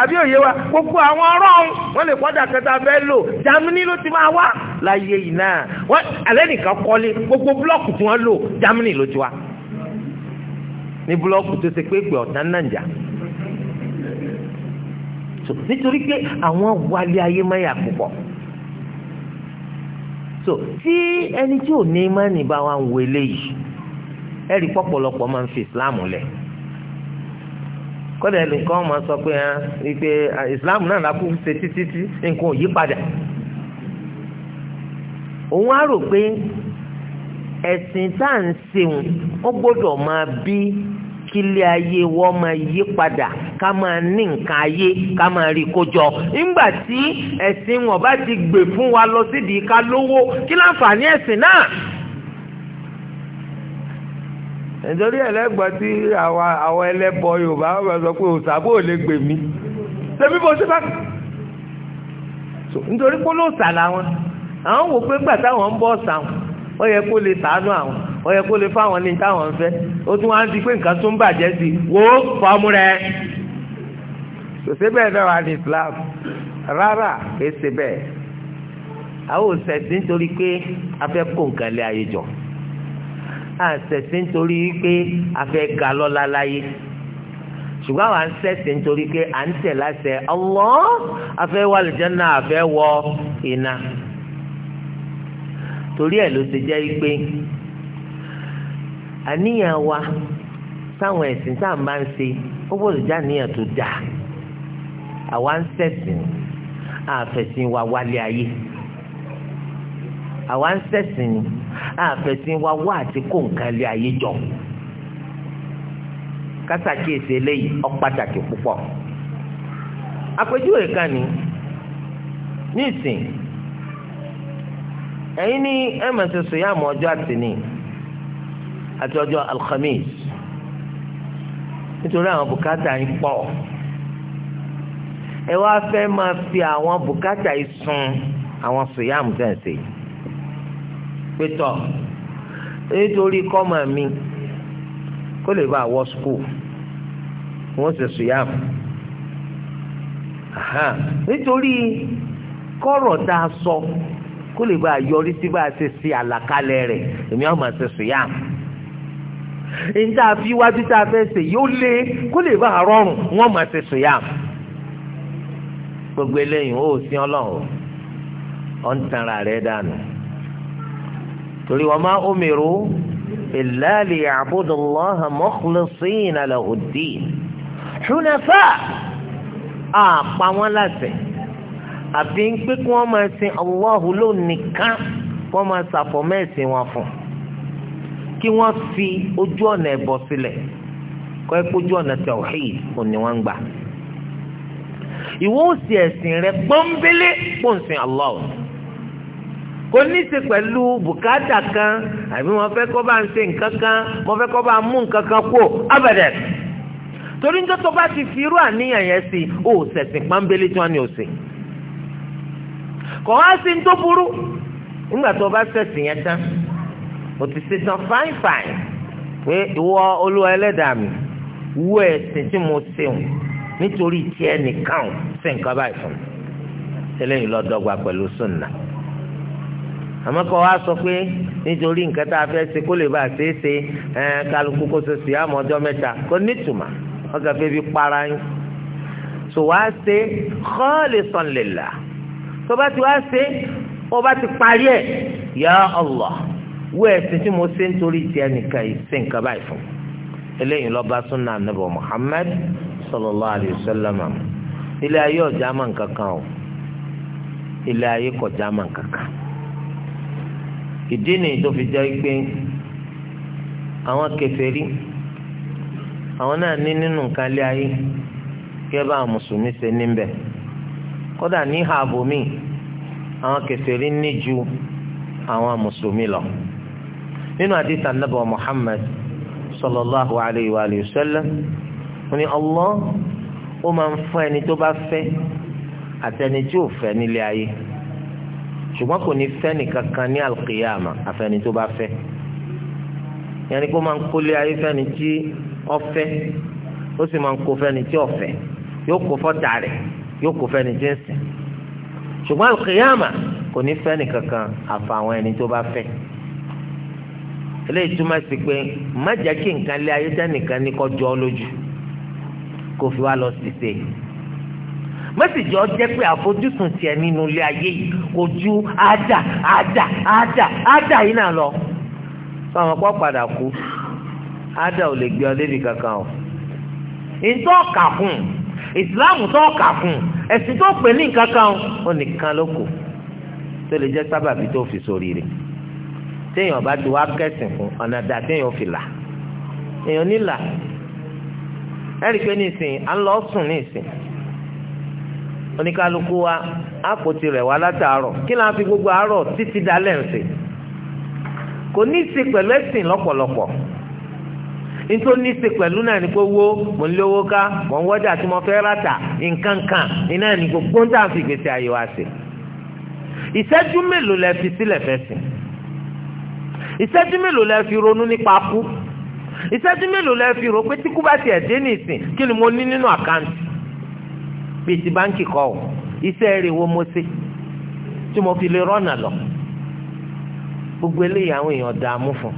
Speaker 1: àbí òye wa gbogbo àwọn ọ̀rọ̀ wọ́n lè pọ́dà kẹta fẹ́ lò Germany ló ti máa wá láyé yìí náà wọ́n alẹ́ nìkan kọ́lé gbogbo búlọ́ọ̀kù tí wọ́n lò Germany ló ti wá ní búlọ́ọ̀kù tó ṣe pé pé ọ̀tán náà jà nítorí pé àwọn wálé ayé máa yà púpọ̀ so tí ẹni tí ò ní mánì bá wa ń wo eléyìí ẹ̀rí pọ̀pọ̀lọpọ̀ máa ń fi islam lẹ̀ kọ́dà ẹnìkan máa sọ pé ẹ ah, wípé ah, islam náà lápò ṣe títí tí nǹkan ò yí padà òun á rò pé ẹ̀sìn tá à ń ṣeun ó gbọ́dọ̀ máa bí kílé ayé wọ́n máa yí padà ká máa ní nǹkan ayé ká máa rí kójọ nígbà tí ẹ̀sìn wọn bá ti gbè fún wa lọ sídìí ká lówó kí láǹfààní ẹ̀sìn náà nítorí ẹlẹ́gbọ́n tí àwọn ẹlẹ́bọ yorùbá wọ́n sọ pé òsàbò lè gbè mí lẹ́bí bó ṣe bá nítorí pé ló sà láwọn àwọn wò pé gbà táwọn ń bọ̀ sàn wọ́n yẹ kó lè sàánú àwọn ó yẹ kó lè fáwọn ní táwọn fẹ́ ó tún wá ń di pé nǹkan tó ń bàjẹ́ sí wò ó fọmú rẹ sòsébẹ̀ náà wà ní Islam rárá kìí ṣe bẹ́ẹ̀ àwọn òṣèṣin torí pé a fẹ́ kó nǹkan lé ayé jọ àṣẹ̀sìn nítorí pé a fẹ́ ga lọ́la láyé ṣùgbọ́n àwọn àṣẹ̀sìn nítorí pé à ń tẹ̀ láṣẹ Allah a fẹ́ wà lìjánná a fẹ́ wọ iná torí ẹ̀ ló ti jẹ́ pé àníyàn wa sáwọn ẹ̀sìn tá à ń bá ṣe ó gbọ́dọ̀ já àníyàn tó dà? àwa ń ṣẹ̀sìn àfẹ̀sìn wa wálé ayé àwa ń ṣẹ̀sìn àfẹ̀sìn wa wá àti kó nǹkan lé ayé jọ kásàkíyèsí eléyìí ọ pàtàkì púpọ̀ àpèjúwe kan ní nísìn ẹ̀yin ní ẹ̀mẹ̀sọ̀sọ̀ yá àmọ́ ọjọ́ àtìní. àti ọjọ́ alhamis nítorí àwọn bùkátà yìí pọ̀ ẹ wá fẹ́ máa fi àwọn bùkátà yìí sun àwọn sùyàmù tẹ̀sí pétọ́ nítorí kọ́mọ mi kó lè bá wọ skul wọ́n ṣe sùyàmù nítorí kọ́rọ̀ tá a sọ kó lè bá yọrí sí bá a ṣe ṣe àlàkalẹ̀ rẹ̀ èmi àwọn máa ṣe sùyàmù ń tá a fi wájú tá a fẹ́ ṣe yóò lé kó lè bá a rọrùn wọ́n máa ṣe sùn yá gbogbo eléyìí ó sin ọlọ́run ọ̀ ń tanra rẹ̀ dànù torí wa ma umiru illa liya'budu Allaha mukhlisina lahu ddin àpá wọn láṣẹ àbí ń pé kí wọ́n máa sin Allahu lónìkan wọ́n máa ṣàfọ̀mẹ́sìn wọn fún un. kí wọ́n fi ojú ọ̀nà ẹ̀bọ sílẹ̀ kọ́ ẹ́ ọ̀nà tawhid òní wọ́n gbà ìwọ òsì ẹ̀sìn rẹ pọ́nbélé pọ́ǹsìn Allah kò ní í pẹ̀lú bùkátà kan àbí wọ́n fẹ́ kọ́ kan wọ́n fẹ́ kọ́ bá mú fi irú àníyàn yẹn sí ó pọ́nbélé tí wọ́n ní òsì wá sí ń tó burú nígbà tó o ti ṣe tán fáin fáin pé ìwọ olúwa ẹlẹ́dàá mi wú ẹ̀sìn tí mo ṣeun nítorí tiẹ̀ nìkan ṣe nǹkan báyìí fún mi eléyìí lọ dọ́gba pẹ̀lú sunna àmọ́ kọ́ wa sọ pé nítorí nǹkan tá a fẹ́ ṣe kó lè bá a ṣe é ṣe ẹ̀ kálukú kó ṣe ṣìyà mọ́ ọjọ́ mẹ́ta kó nítumà wọ́n kàn fẹ́ para yín tó wá ṣe khalisan lillah tó bá ti wá ṣe ó bá ti parí ẹ̀ ya Allah wọ ẹ̀sìn tí mo ṣe nítorí ti ẹnìkan yìí ṣe nǹkan báyìí fún eléyìí lọ bá súnà ànábì Muhammad sallallahu alayhi wa sallam ilé ayé ọjà máa ń kankan o ilé ayé kọjá máa ń kankan ìdí nìyí tó fi jẹ́ pé àwọn kèfèrí àwọn náà ní nínú nǹkan ilé ayé kí bá mùsùlùmí ṣe níbẹ̀ kódà ní ìhà àbòmí àwọn kèfèrí ní ju àwọn mùsùlùmí lọ nínú àdìsá nàbà Muhammad sallallahu alayhi wa sallam wọ́n ní Allah ó máa ń fún ẹni tó bá fẹ́ àtẹni tí ò fẹ́ nílé ayé ṣùgbọ́n kò ní fẹ́ nìkan kan ní alqiyama àfẹni tó bá fẹ́ yẹnni kó máa ń kólé ayé fẹ́ni tí ó fẹ́ ó sì máa ń kó fẹ́ni tí ó fẹ́ yóò kó fọ́tà rẹ̀ yóò kó fẹ́ni tí ń sìn ṣùgbọ́n alqiyama kò ní fẹ́ nìkan kan àfàwọn ẹni tó bá fẹ́ eléyìí túmọ̀ sí pé má jẹ́ kí nǹkan lé ayé tẹ́nìkan ní kó jọ ọ́ lójú kó fi wá lọ síse má sì jọ jẹ́ pé àfojúsùn tiẹ̀ nínú ilé ayé yìí kò ju àdà àdà àdà àdà yìí náà lọ fáwọn kọ́ padà kú àdà ò lè gbé ọ débi kankan o ìtọ́ ọ̀kà fún ìsìláàmù tó ọ̀kà fún ẹ̀sìn tó pè ní nǹkan kan ó nìkan ló kù tó lè jẹ́ sábàbí tó fi sóríire. So téèyàn bá ti wá kẹsìn fún ọ̀nà dà téèyàn fi là èèyàn nílà ẹ̀rí pé nísìnyí à ń lọ sùn nísìnyí oníkálukú wa àpótí rẹ̀ wá látàárọ̀ kí la fi gbogbo àárọ̀ títí dalẹ̀ ń sè kò ní í ṣe pẹ̀lú ẹ̀sìn lọ́pọ̀lọpọ̀ nítorí ní í ṣe pẹ̀lú náà ni pé wo mò ń lówó ká mò ń wọ́jà tí mo fẹ́ rà tà nǹkan kan iná ní gbogbo ń tà fi gbèsè àyè wa sè ìṣẹ́jú mélòó lẹ fi sílẹ̀ fẹ́ sìn ìṣẹ́jú mélòó lẹ fi ronú nípa kú ìṣẹ́jú mélòó lẹ fi rò pé tí kú bá tiẹ̀ dé nìsín kí ni mo ní nínú àkáǹtì bíi ti báńkì kọ́ ọ iṣẹ́ rẹ̀ wo mo ṣe tí mo fi lè rọ́nà lọ gbogbo eléyìí àwọn èèyàn dààmú fún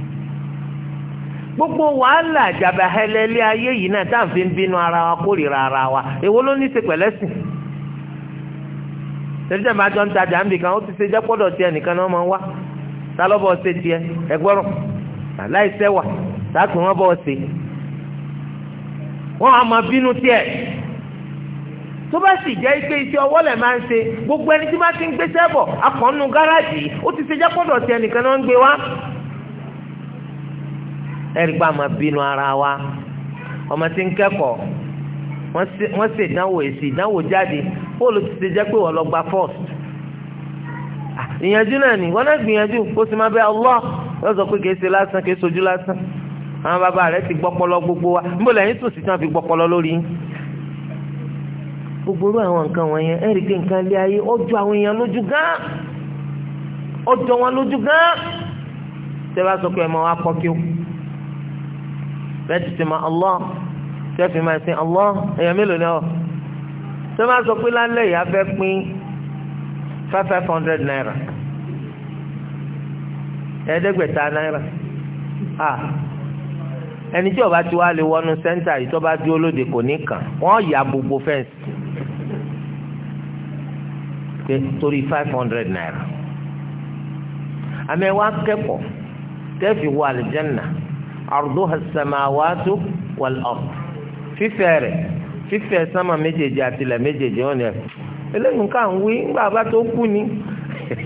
Speaker 1: gbogbo wàhálà àjàbà ẹlẹ́lẹ́ ayé yìí náà tá à ń fi bínú ara wa kórìíra ara wa èwo ló ní í ṣe pẹ̀lẹ́sìn tẹ̀síjàmbá jọ ń tajà ń bì ó ti ṣe jẹ́ pọ́dọ̀ tiẹ̀ nìkan náà máa ń wá tálọ́bọ̀ ṣe tiẹ̀ ẹgbọ́rọ̀ aláìsẹ́ wà tààtù wọn bọ̀ ṣe wọn a máa bínú tiẹ̀ tó bá sì jẹ́ pé iṣẹ́ ọwọ́ lẹ̀ máa gbogbo ẹni tí bá ti ń gbéṣẹ́ bọ̀ akọ̀ọ́nù gáràjì ó ti ṣe jápọ̀dọ̀ tiẹ̀ nìkan náà ń gbé wá ara wa ọmọ tí ń kẹ́kọ̀ọ́ wọ́n ṣe ìdánwò èsì ìdánwò jáde fóòlù ti ṣe jẹ́ first ìyànjú náà ni wọn náà gbìyànjú kó sì máa bẹ Allah yóò sọ pé kìí ṣe lásán kìí ṣojú lásán àwọn bàbá rẹ ti gbọpọlọ gbogbo wa níbo lẹ́yìn sùn sí tí wọn fi gbọpọlọ lórí yín gbogbo irú àwọn nǹkan wọ̀nyẹn ẹ̀rí pé nǹkan lé ayé ọjọ́ àwọn èèyàn lójú gán ọjọ́ wọn lójú gán tẹ́ bá sọ pé ẹ̀ máa wá kọ́ kí o bẹ́ẹ̀ ti ti ma Allah tẹ́ fi máa sin Allah èèyàn mélòó ni ọ tẹ́ bá sọ pé five five hundred naira ẹ̀ẹ́dẹ́gbẹ̀ta náírà ah ẹni tí ọba ti wá lè wọnú sẹ́ńtà yìí tó bá dúró lóde kò ní kàn wọ́n ya gbogbo fẹ́ǹsì torí five hundred naira àmì ẹ̀wá kẹ́kọ̀ọ́ tẹ́fì wọ àlìjẹ́nà àrùdó hasamawatu wal fífẹ́ rẹ̀ fífẹ́ sámà méjèèjì àtìlẹ̀ méjèèjì wọn eléyìí nǹkan ń wí ńgbà bá tó kú ni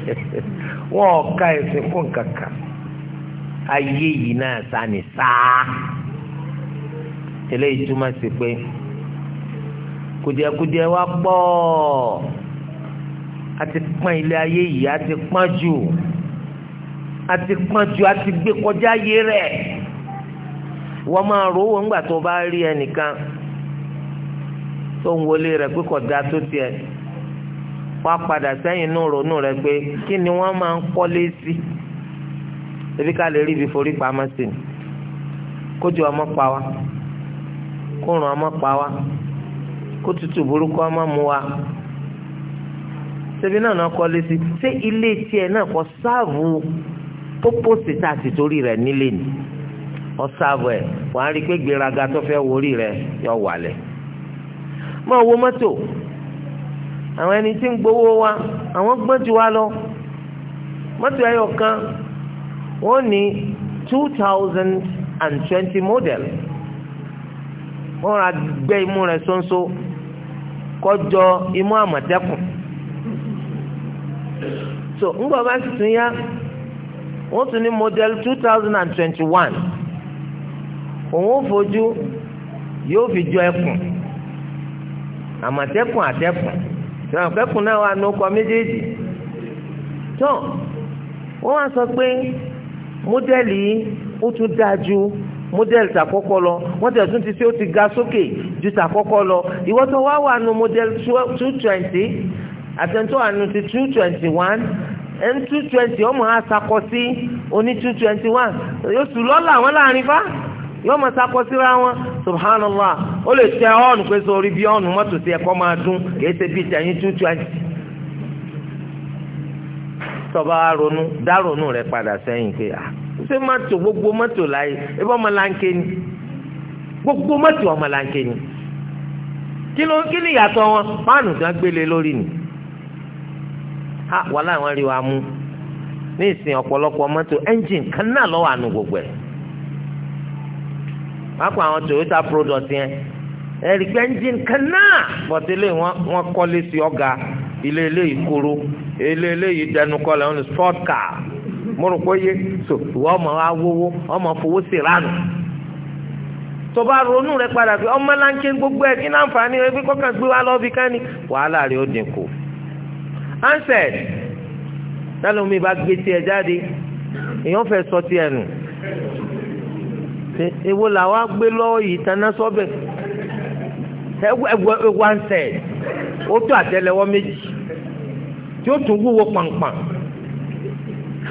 Speaker 1: wọn ò ka ẹ̀sìn kún kankan ayé yìí náà sani sáá eléyìí túmọ̀ sí pé kùdìẹ̀kùdìẹ̀ wa pọ̀ a ti pọ́n ilé ayé yìí a ti pọ́n jù a ti pọ́n jù a ti gbé kọjá ayé rẹ̀ wọ́n máa rò wọ́n ńgbà tó bá rí ẹnìkan tó ń wọlé rẹ̀ pé kò tó tiẹ̀ wa padà sẹ́yìn inú ronú rẹ pé kí ni wọ́n máa ń kọ́lé sí ebi ká lè rí ibi forí pamọ́ sí ni kójú ọmọ pa wá kórun ọmọ pa wá kó tutù burúkú ọmọ mu wá ṣebí náà náà kọ́lé sí ṣé ilé tiẹ̀ náà kọ́ sáàbù pópósì tá a torí nílé ni ọ sáàbù ẹ̀ wàá rí i pé gbéraga tó fẹ́ wọrí rẹ̀ yọ wàlẹ̀ owó mọ́tò àwọn ẹni tí ń gbowó wa àwọn gbọ́n ju wa lọ mọ́tò ẹyọ kan wọ́n ní two thousand and twenty model wọ́n ra gbẹ́ imú rẹ̀ ṣóńṣó kọjọ imú àmọ̀tẹ́kùn so ńgbà bá sì tún yá wọ́n tún ní model two thousand and twenty one òun ò fojú yóò fi jọ ẹkùn àmọ̀tẹ́kùn àtẹ́kùn náà fẹ́kùn náà wà ní ọkọ̀ méjèèjì tó wọ́n wá sọ pé mọ́dẹ́lì yìí ó tún dáa ju mọ́dẹ́lì tàkọ́kọ́ lọ wọ́n tẹ̀ tún ti ṣe ó ti ga sókè ju tàkọ́kọ́ lọ ìwọ́n tó wá wà ní mọ́dẹ́lì two twenty àtẹ̀ntọ́ wà ní ti two twenty one n two twenty ọmọ asakọ sí oní two twenty one yóò sùn lọ́la àwọn láàrin fá yóò mọ̀ sakọ síra wọn subhanallah ó lè tẹ ọ́ọ̀nù pé sọ orí bí ọ́ọ̀nù mọ́tò sí ẹ̀kọ́ máa dún kìí ṣe bíi tẹ̀yìn two twenty. tọ́ba ronú dá ronú rẹ̀ padà sẹ́yìn pé à ah, ṣé mọ́tò gbogbo mọ́tò láyé ebí ọmọ láńké ni gbogbo mọ́tò ọmọ láńké ni kí ló kí ni ìyàtọ̀ wọn páànù tí wọ́n gbélé lórí ni. wàhálà wọn rí wa mú ní ìsìn ọ̀pọ̀lọpọ̀ mọ́tò ẹ́ńjìn kan náà lọ́wọ́ àánú gbogbo ẹ̀ pàápàá àwọn Toyota product yẹn ẹ̀rí pé engine kan náà bọ̀tẹ́lẹ̀ wọ́n kọ́lé sí ọ̀gá ilé eléyìí kúrú ilé eléyìí dẹnu kọlẹ̀ wọn ni sport car so ìwọ ọmọ awówó ọmọ fowó sí ránù tó bá ronú rẹ padà pé ọmọ gbogbo ẹ kí láǹfààní rẹ pé kọ́kàn gbé wá lọ́ọ́ fi ká ní wàhálà rẹ ó dínkù. ansẹ̀d tálọ́mì bá gbé tiẹ̀ jáde èèyàn fẹ́ sọ tiẹ̀ nù ewo làwa gbé lọ́wọ́ yìí taná sọ́bẹ̀ ẹgbẹ́ one cent ó tó àtẹ́lẹwọ́ méjì tí o tún wúwo pàǹpàǹ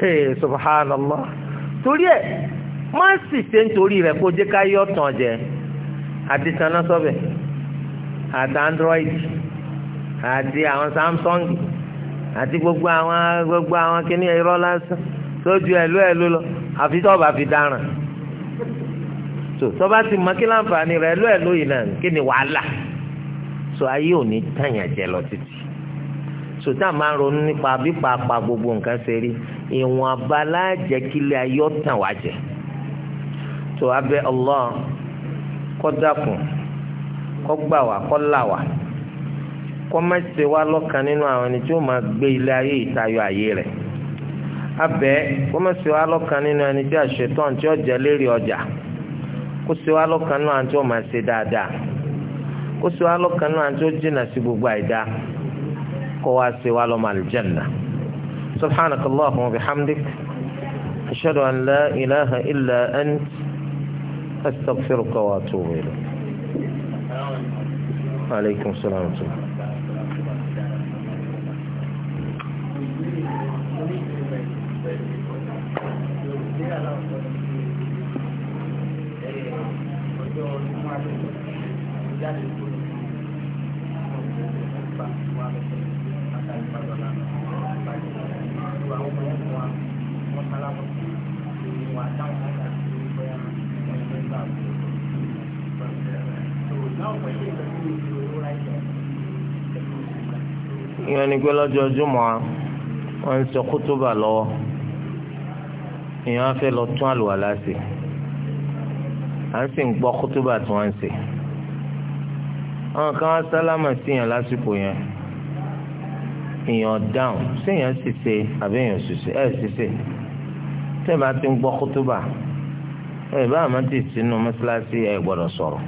Speaker 1: ee subhanallah torí ẹ máa sì ṣe nítorí rẹ kó jẹ́ ká yọ tàn jẹ àti taná sọ́bẹ̀ àti android àti àwọn samsung àti gbogbo àwọn gbogbo àwọn kíní irọ́ lásán lójú ẹ̀lú ẹ̀lú lọ àfi tó bá fi dáràn so tọ́ba ti mọ kí láǹfààní rẹ̀ lóẹ̀ lóyìn náà kí ni wàhálà so ayé ò ní tàyàn jẹ lọ títí so tá a máa ronú nípa bí pàápàá gbogbo nǹkan ṣe rí ìwọ̀n abala jẹ́ kílẹ̀ ayọ́ tàn wá jẹ so abẹ́ Allah kọ́ dákun kọ́ gbà wá kọ́ là wá kọ́ má ṣe wá lọ́kàn nínú àwọn ẹni tí ó máa gbé ilé ayé ìtayọ ayé rẹ̀ abẹ́ kọ́ má ṣe wá lọ́kàn nínú ẹni tí àṣetán tí ọjà lérí ọjà kó sì wá lọ́kàn náà àti ọmọ ẹsẹ̀ dáadáa kó sì wá lọ́kàn náà àti ó jìnnà sí gbogbo àìdá kó wá sí wá lọ́mọ àlùjànnà subhanaka allahumma wa bihamdik ashhadu an la ilaha illa ant astaghfiruka wa atubu ilayk.
Speaker 2: aleykum salaam ọjọ́ inú alẹ́ jáde tó ní ọgbà wà lọ́sẹ̀ látàrí bàbá náà bàjẹ́ ìlú àwọn ọmọ ẹ̀kọ́ wa wọ́n sálá bọ̀ sí ìlú wa táwọn ọmọ ẹ̀kọ́ àti ìlú bọ́yá wọn ẹgbẹ́ gbà wọ́n. tó náà pẹ̀lú ìgbẹ́sí ìlú owó láìpẹ́ ìyẹn
Speaker 1: ni pé lọ́jọ́ júmọ́ wọ́n ń sọ kútúbà lọ́wọ́ ìyẹn á fẹ́ lọ tún àlùwàlá sí i à ń sì ń gbọ́ kútúbà tí wọ́n ń ṣe àwọn kan wá sálámà sí yàn lásìkò yẹn èèyàn dáhùn séèyàn sì ṣe àbí èèyàn sì ṣe ẹ̀ sì ṣe tẹ́ bá ti ń gbọ́ kútúbà ẹ̀ bá àmọ́ ti sínú mọ́ṣáláṣí ẹ̀ gbọ́dọ̀ sọ̀rọ̀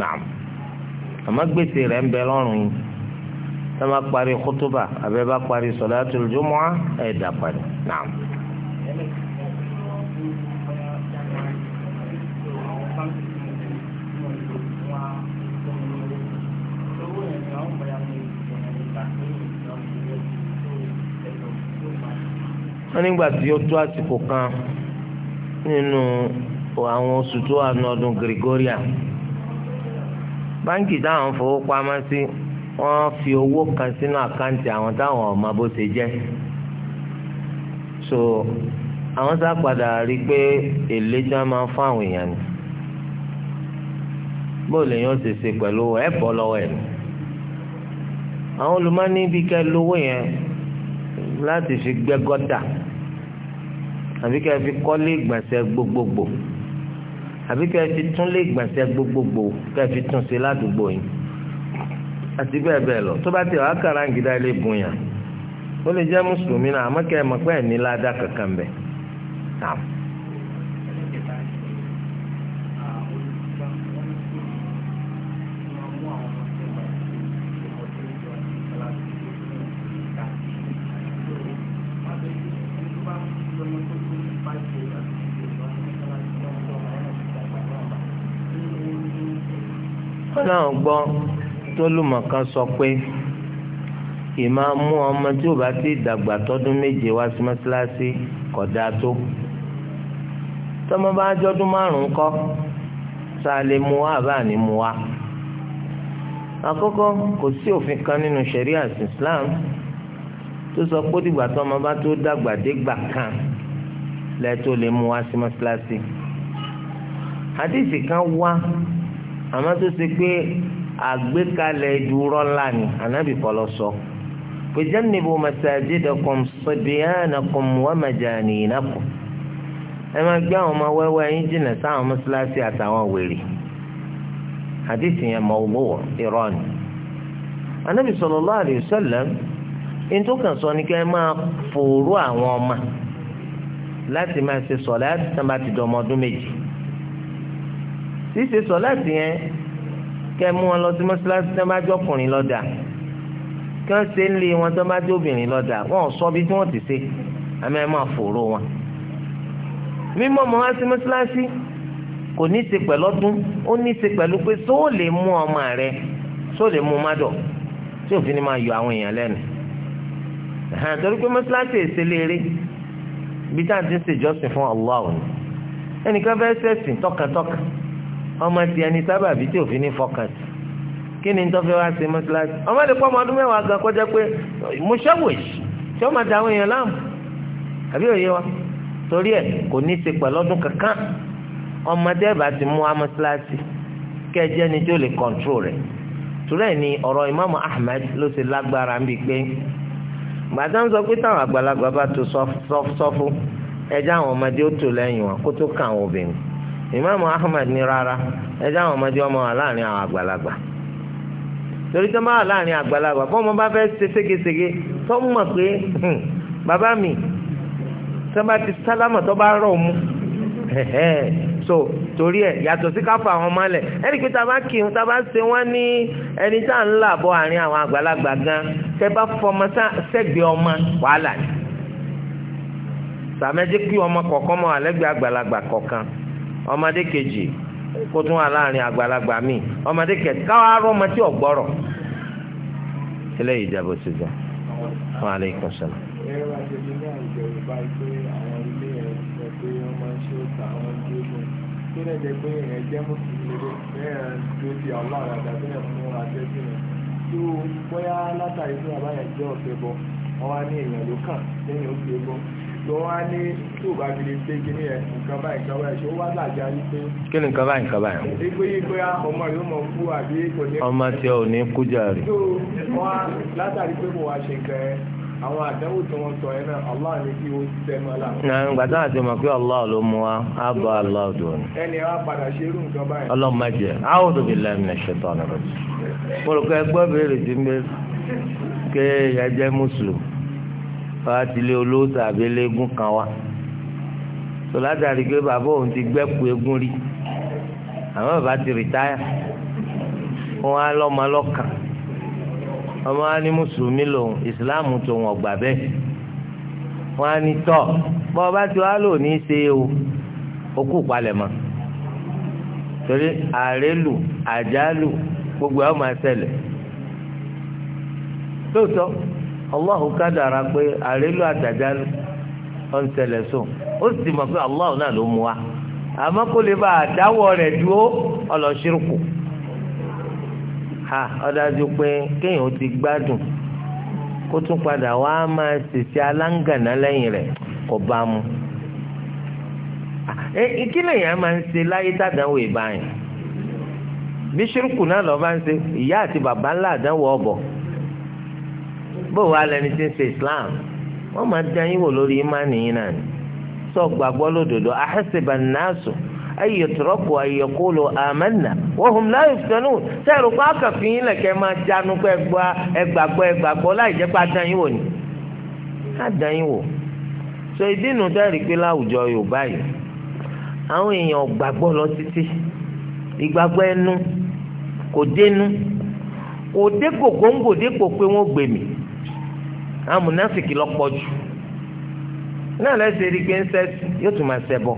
Speaker 1: nàám àmọ́ gbèsè rẹ̀ ń bẹ lọ́rùn yìí tẹ́ bá parí kútúbà àbẹ́ bá parí sọ̀látùl jumu'a ẹ̀ dà padà nàám. wọ́n nígbà tí ó tó àsìkò kan nínú àwọn oṣù tó wà ní ọdún Gregorian báńkì táwọn fowó pamọ́ sí wọ́n fi owó kan sínú àkáǹtì àwọn táwọn ọmọ bó ṣe jẹ́ so àwọn sá padà rí i pé èlé tí wọ́n máa ń fún àwọn èèyàn ni bó lèyàn ṣe ṣe pẹ̀lú ẹ̀bọ lọ́wọ́ ẹ̀ ni àwọn olùmọ́ni bí kẹ́ lówó yẹn láti fi gbẹ́ gọ́tà àbí kẹ́ ẹ fi kọ́lé ìgbọ̀nsẹ̀ gbogbogbò àbí kẹ́ ẹ fi túnlé ìgbọ̀nsẹ̀ gbogbogbò kẹ́ ẹ fi tún ṣe ládùúgbò yìí àti bẹ́ẹ̀ bẹ́ẹ̀ lọ tó bá ti wàá kàrà ń gidá ilé bùn yàn ó lè jẹ́ mùsùlùmí náà àmọ́ kẹ́ ẹ mọ̀ pé ẹ̀ ní ládàá kankan bẹ́ẹ̀ náà. táwọn gbọ́ tólùmọ̀ kan sọ pé ìmáa mú ọmọ tí ò bá ti dàgbà tọdún méje wá sí mọ́ṣáláṣí kò dáa tó tọmọ bá jọdún márùn kọ́ tá a lè mú wa àbá ní mú wa àkọ́kọ́ kò sí òfin kan nínú ṣẹ̀ríà Islam tó sọ pé dìgbà tọmọ bá tó dàgbà dégbà kan lẹ́ẹ̀ tó lè mú wa sí mọ́ṣáláṣí hadisi kan wá àmọ́ tó ṣe pé àgbékalẹ̀ ìdúró ńlá ni ànábì fọlọ́ sọ pé jẹ́nìbù masajidakum sibiyanakum wa majaninakum ẹ máa gbé àwọn ọmọ wẹ́wẹ́ yín jìnnà sáwọn mọ́ṣáláṣí àtàwọn wèrè àdìsí yẹn mọ̀ owó irọ́ ni ànábì sallallahu alayhi wa sallam ní tó kàn sọ ni kẹ́ ẹ máa fòrò àwọn ọmọ láti máa ṣe sọ̀lá tí í ṣe sọ láti yẹn kẹ́ mú wọn lọ sí mọ́ṣáláṣí tó bá jọ ọkùnrin lọ́dà kí wọ́n ṣe ń lé wọn tó bá jọ obìnrin lọ́dà wọn ò sọ bí tí wọ́n ti ṣe àmọ́ ẹ máa fòró wọn. mímọ́ ọmọ wá sí mọ́ṣáláṣí kò ní í ṣe pẹ̀lú ọdún ó ní í ṣe pẹ̀lú pé tó lè mú ọmọ rẹ tó lè mú mádọ̀ tí òfin ni máa yọ àwọn èèyàn lẹ́nu. torí pé mọ́ṣáláṣí èsè léèrè bí táà ti ń ṣèjọ́sìn fún Allah ẹnìkan fẹ́ sẹ́sìn tọkàntọkàn ọmọ ti ẹni sábàbí tí òfin ní fọkàn sí kí ni tó fẹ́ wá sí mọ́sálásí ọmọ lè pọ́ ọmọ ọdún mẹ́wàá gan kọjá pé mọ́ṣáwèsì tí ó máa da àwọn èèyàn láàmú àbí òye wa torí ẹ kò ní í ṣe pẹ̀lú ọdún kankan ọmọdé bá ti mú wá mọ́sálásí kẹjẹ́ ni tí ó lè kọ̀ǹtró rẹ̀ torí ẹ̀ ni ọ̀rọ̀ ìmáàmù Ahmed ló ti lágbára ń bi pé gbàdá ń sọ pé táwọn àgbàlagbà bá tó sọ́fún ẹjẹ́ àwọn ọmọdé ó tò lẹ́yìn wọn kó tó kàn àwọn obìnrin ìmáàmù ahmed ni rárá ẹjẹ àwọn ọmọdé ọmọ wà láàrin àwọn àgbàlagbà torí tó bá wà láàrin àgbàlagbà bọ́ ọmọ bá fẹ́ ṣe ségesège tó ń mọ̀ pé bàbá mi tó bá ti sálámà tó bá rọ̀ mu so torí ẹ yàtọ̀ sí káfọ àwọn ọmọ alẹ̀ ẹni pé kírun ṣe wọ́n ní ẹni tá à ń là bọ́ àárín àwọn àgbàlagbà gan tẹ bá fọmọ sẹ́gbẹ̀ẹ́ ọmọdé kejì kó tún wà láàrin àgbàlagbà míì ọmọdé kẹta káwá rọmọ tí ò gbọ́rọ̀ eléyìí ìjàbọ̀
Speaker 2: sí jẹ́ wọn àlẹ́ ikùn sọ̀rọ̀. bóyá látàrí pé àbáyé jẹ́ ọ̀fẹ́ bọ̀ wọ́n wá ní èèyàn ló kàn lẹ́yìn ó fi bọ́ lọ wá ní tó bá fi lè pé kíní ẹ̀ nǹkan báyìí nǹkan báyìí ṣó wá làjá ní pé. kí ni nǹkan báyìí nǹkan báyìí. ìgbé ah, yìí pé ọmọ yóò mọ kú àbí kò ní. ọmọ tí ò ní kú jàre. tó wọn látàrí pé kò wá ṣe nǹkan ẹ àwọn àdánwò tí wọn sọ yẹn náà Allah ní kí o tẹ mọ la. náà gbàtà àti mọ̀
Speaker 1: pé Allah ló mú wa á bọ̀ Allah dùn.
Speaker 2: ẹni a padà ṣe irú nǹkan báyìí.
Speaker 1: ọlọ́mọ jẹ a'udhu billahi minash shaitani rajim. mo rò pé ẹgbọ́n bèrè ti ń kéèyàn jẹ́ mùsùlùmí wàá ti lé olóòtú àbí eléégún kan wá tó látàrí pé bàbá òun ti gbẹ́kú eégún rí àwọn bàbá ti rìtáyà wọn á lọ́mọ lọ́kàn ọmọ wa ní mùsùlùmí lòun ìsìláàmù tó wọn gbà bẹ́ẹ̀ wọn á ní tọ́ bọ́ ọba tí wàá lò ní í ṣe o okú palẹ̀ mọ́ torí àrélù àjálù gbogbo ẹ̀ ọ́ máa ṣẹlẹ̀ lóòótọ́. Allahu kádàrá pé àrélù àdàjálù ọ̀n ṣẹlẹ̀ sùn ó sì mọ̀ pé Allahu náà ló mú wa àmọ́ kó lè bá àdáwọ̀ ha pé kéèyàn ti gbádùn kó tún padà wá máa ṣèṣe aláǹgànà lẹ́yìn rẹ̀ kò bá mu kí lèyìn máa ń ṣe láyé tàdánwò ìbáyìn bí ṣírùkù náà bá ń bó wàá lẹni tí islam wọn máa dán yín wò lórí ìmánì yín náà ni sọ gbàgbọ́ lódodo ahasiba nnasu ayé tọrọkù ayé kólo amanna wọ́n hùm láyé fúnanú sẹ́rù yín máa jánu pé ẹgbàgbọ́ ẹgbàgbọ́ láì jẹ́ pé yín ni adán yín wò so ìdí nu dẹ́rì pé láwùjọ Yorùbá yìí àwọn èèyàn gbàgbọ́ lọ títí ìgbàgbọ́ ẹnu kò dénú kò dé kòkó ń kò dé kò àwọn mùnáfìkì lọ pọ̀ jù náà lẹ́sẹ̀ rí pé ń sẹ́sì yóò tún máa ṣẹbọ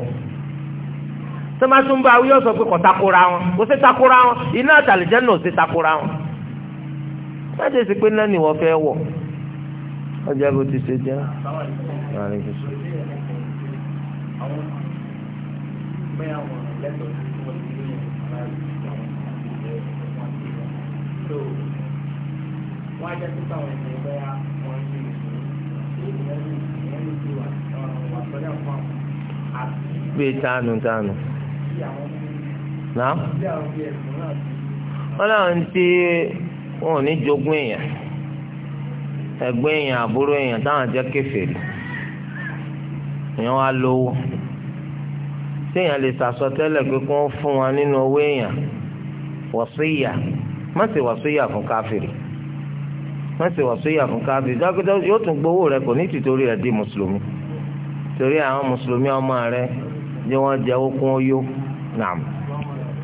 Speaker 1: tó máa tún bá yóò sọ pé kò takora wọn kò sí takora wọn iná àtàlẹ́jẹ́ náà ò sí takora wọn má jẹ́ sí pé náà ni wọ́n fẹ́ wọ̀ ọjà bó ti ṣe jẹ́ wọ́n á jẹ́ sísá àwọn
Speaker 2: ènìyàn bẹ́ẹ̀ bíi
Speaker 1: tánu tánu náà wọn náà ń tí wọn ò ní jogún èèyàn ẹgbẹ́ èèyàn àbúrò èèyàn táwọn jẹ́ kèfèrí èèyàn wá lówó téèyàn lè sàsọtẹ́lẹ̀ pé kí wọ́n fún wọn nínú owó èèyàn wọ̀síyà má sì wọ̀síyà fún káfíìrì má sì wọ̀síyà fún káfíìrì dákítọ́ yóò tún gbowó rẹ kò ní tìtorí rẹ di mùsùlùmí. torí àwọn mùsùlùmí ọmọ rẹ jẹ́ wọ́n jẹ́ okun oyó naam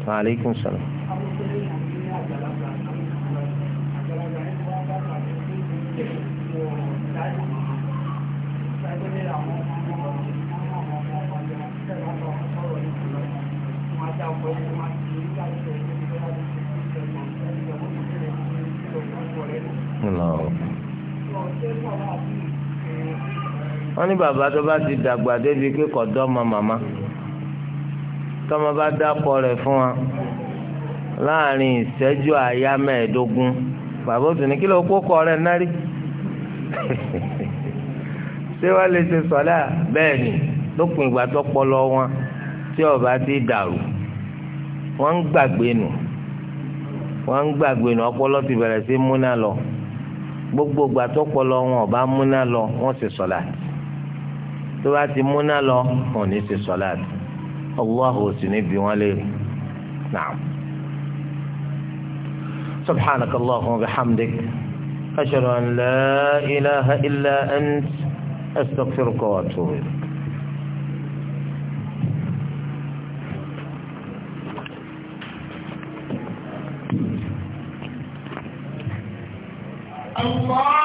Speaker 1: maaleykum salaam. Hello. wọ́n ní bàbá tó bá ti dàgbà débi pé kọ̀dọ́ ọmọ màmá tọ́mọ bá dápọ̀ rẹ̀ fún wa láàrin ìṣẹ́jú àyá mẹ́ẹ̀ẹ́dógún bàbá òtún ní kí ló kó kọ́ rẹ̀ nárí ṣé wọ́n lè ṣe sọ́lá bẹ́ẹ̀ ni lópin ìgbà tó pọlọ wọn tí ọba ti dàrú wọ́n ń gbàgbé nù wọ́n ń gbàgbé nù ọpọlọ ti bẹ̀rẹ̀ sí múná lọ gbogbo ìgbà tó pọlọ wọn ọba múná lọ wọ́n ṣe sọ́lá. tó bá ti múná lọ wọn ní ṣe sọláàtì Allahu ò sì ní bí wọn lè nà. سبحانك اللهم وبحمدك أشهد أن لا إله إلا أنت أستغفرك وأتوب
Speaker 2: إليك الله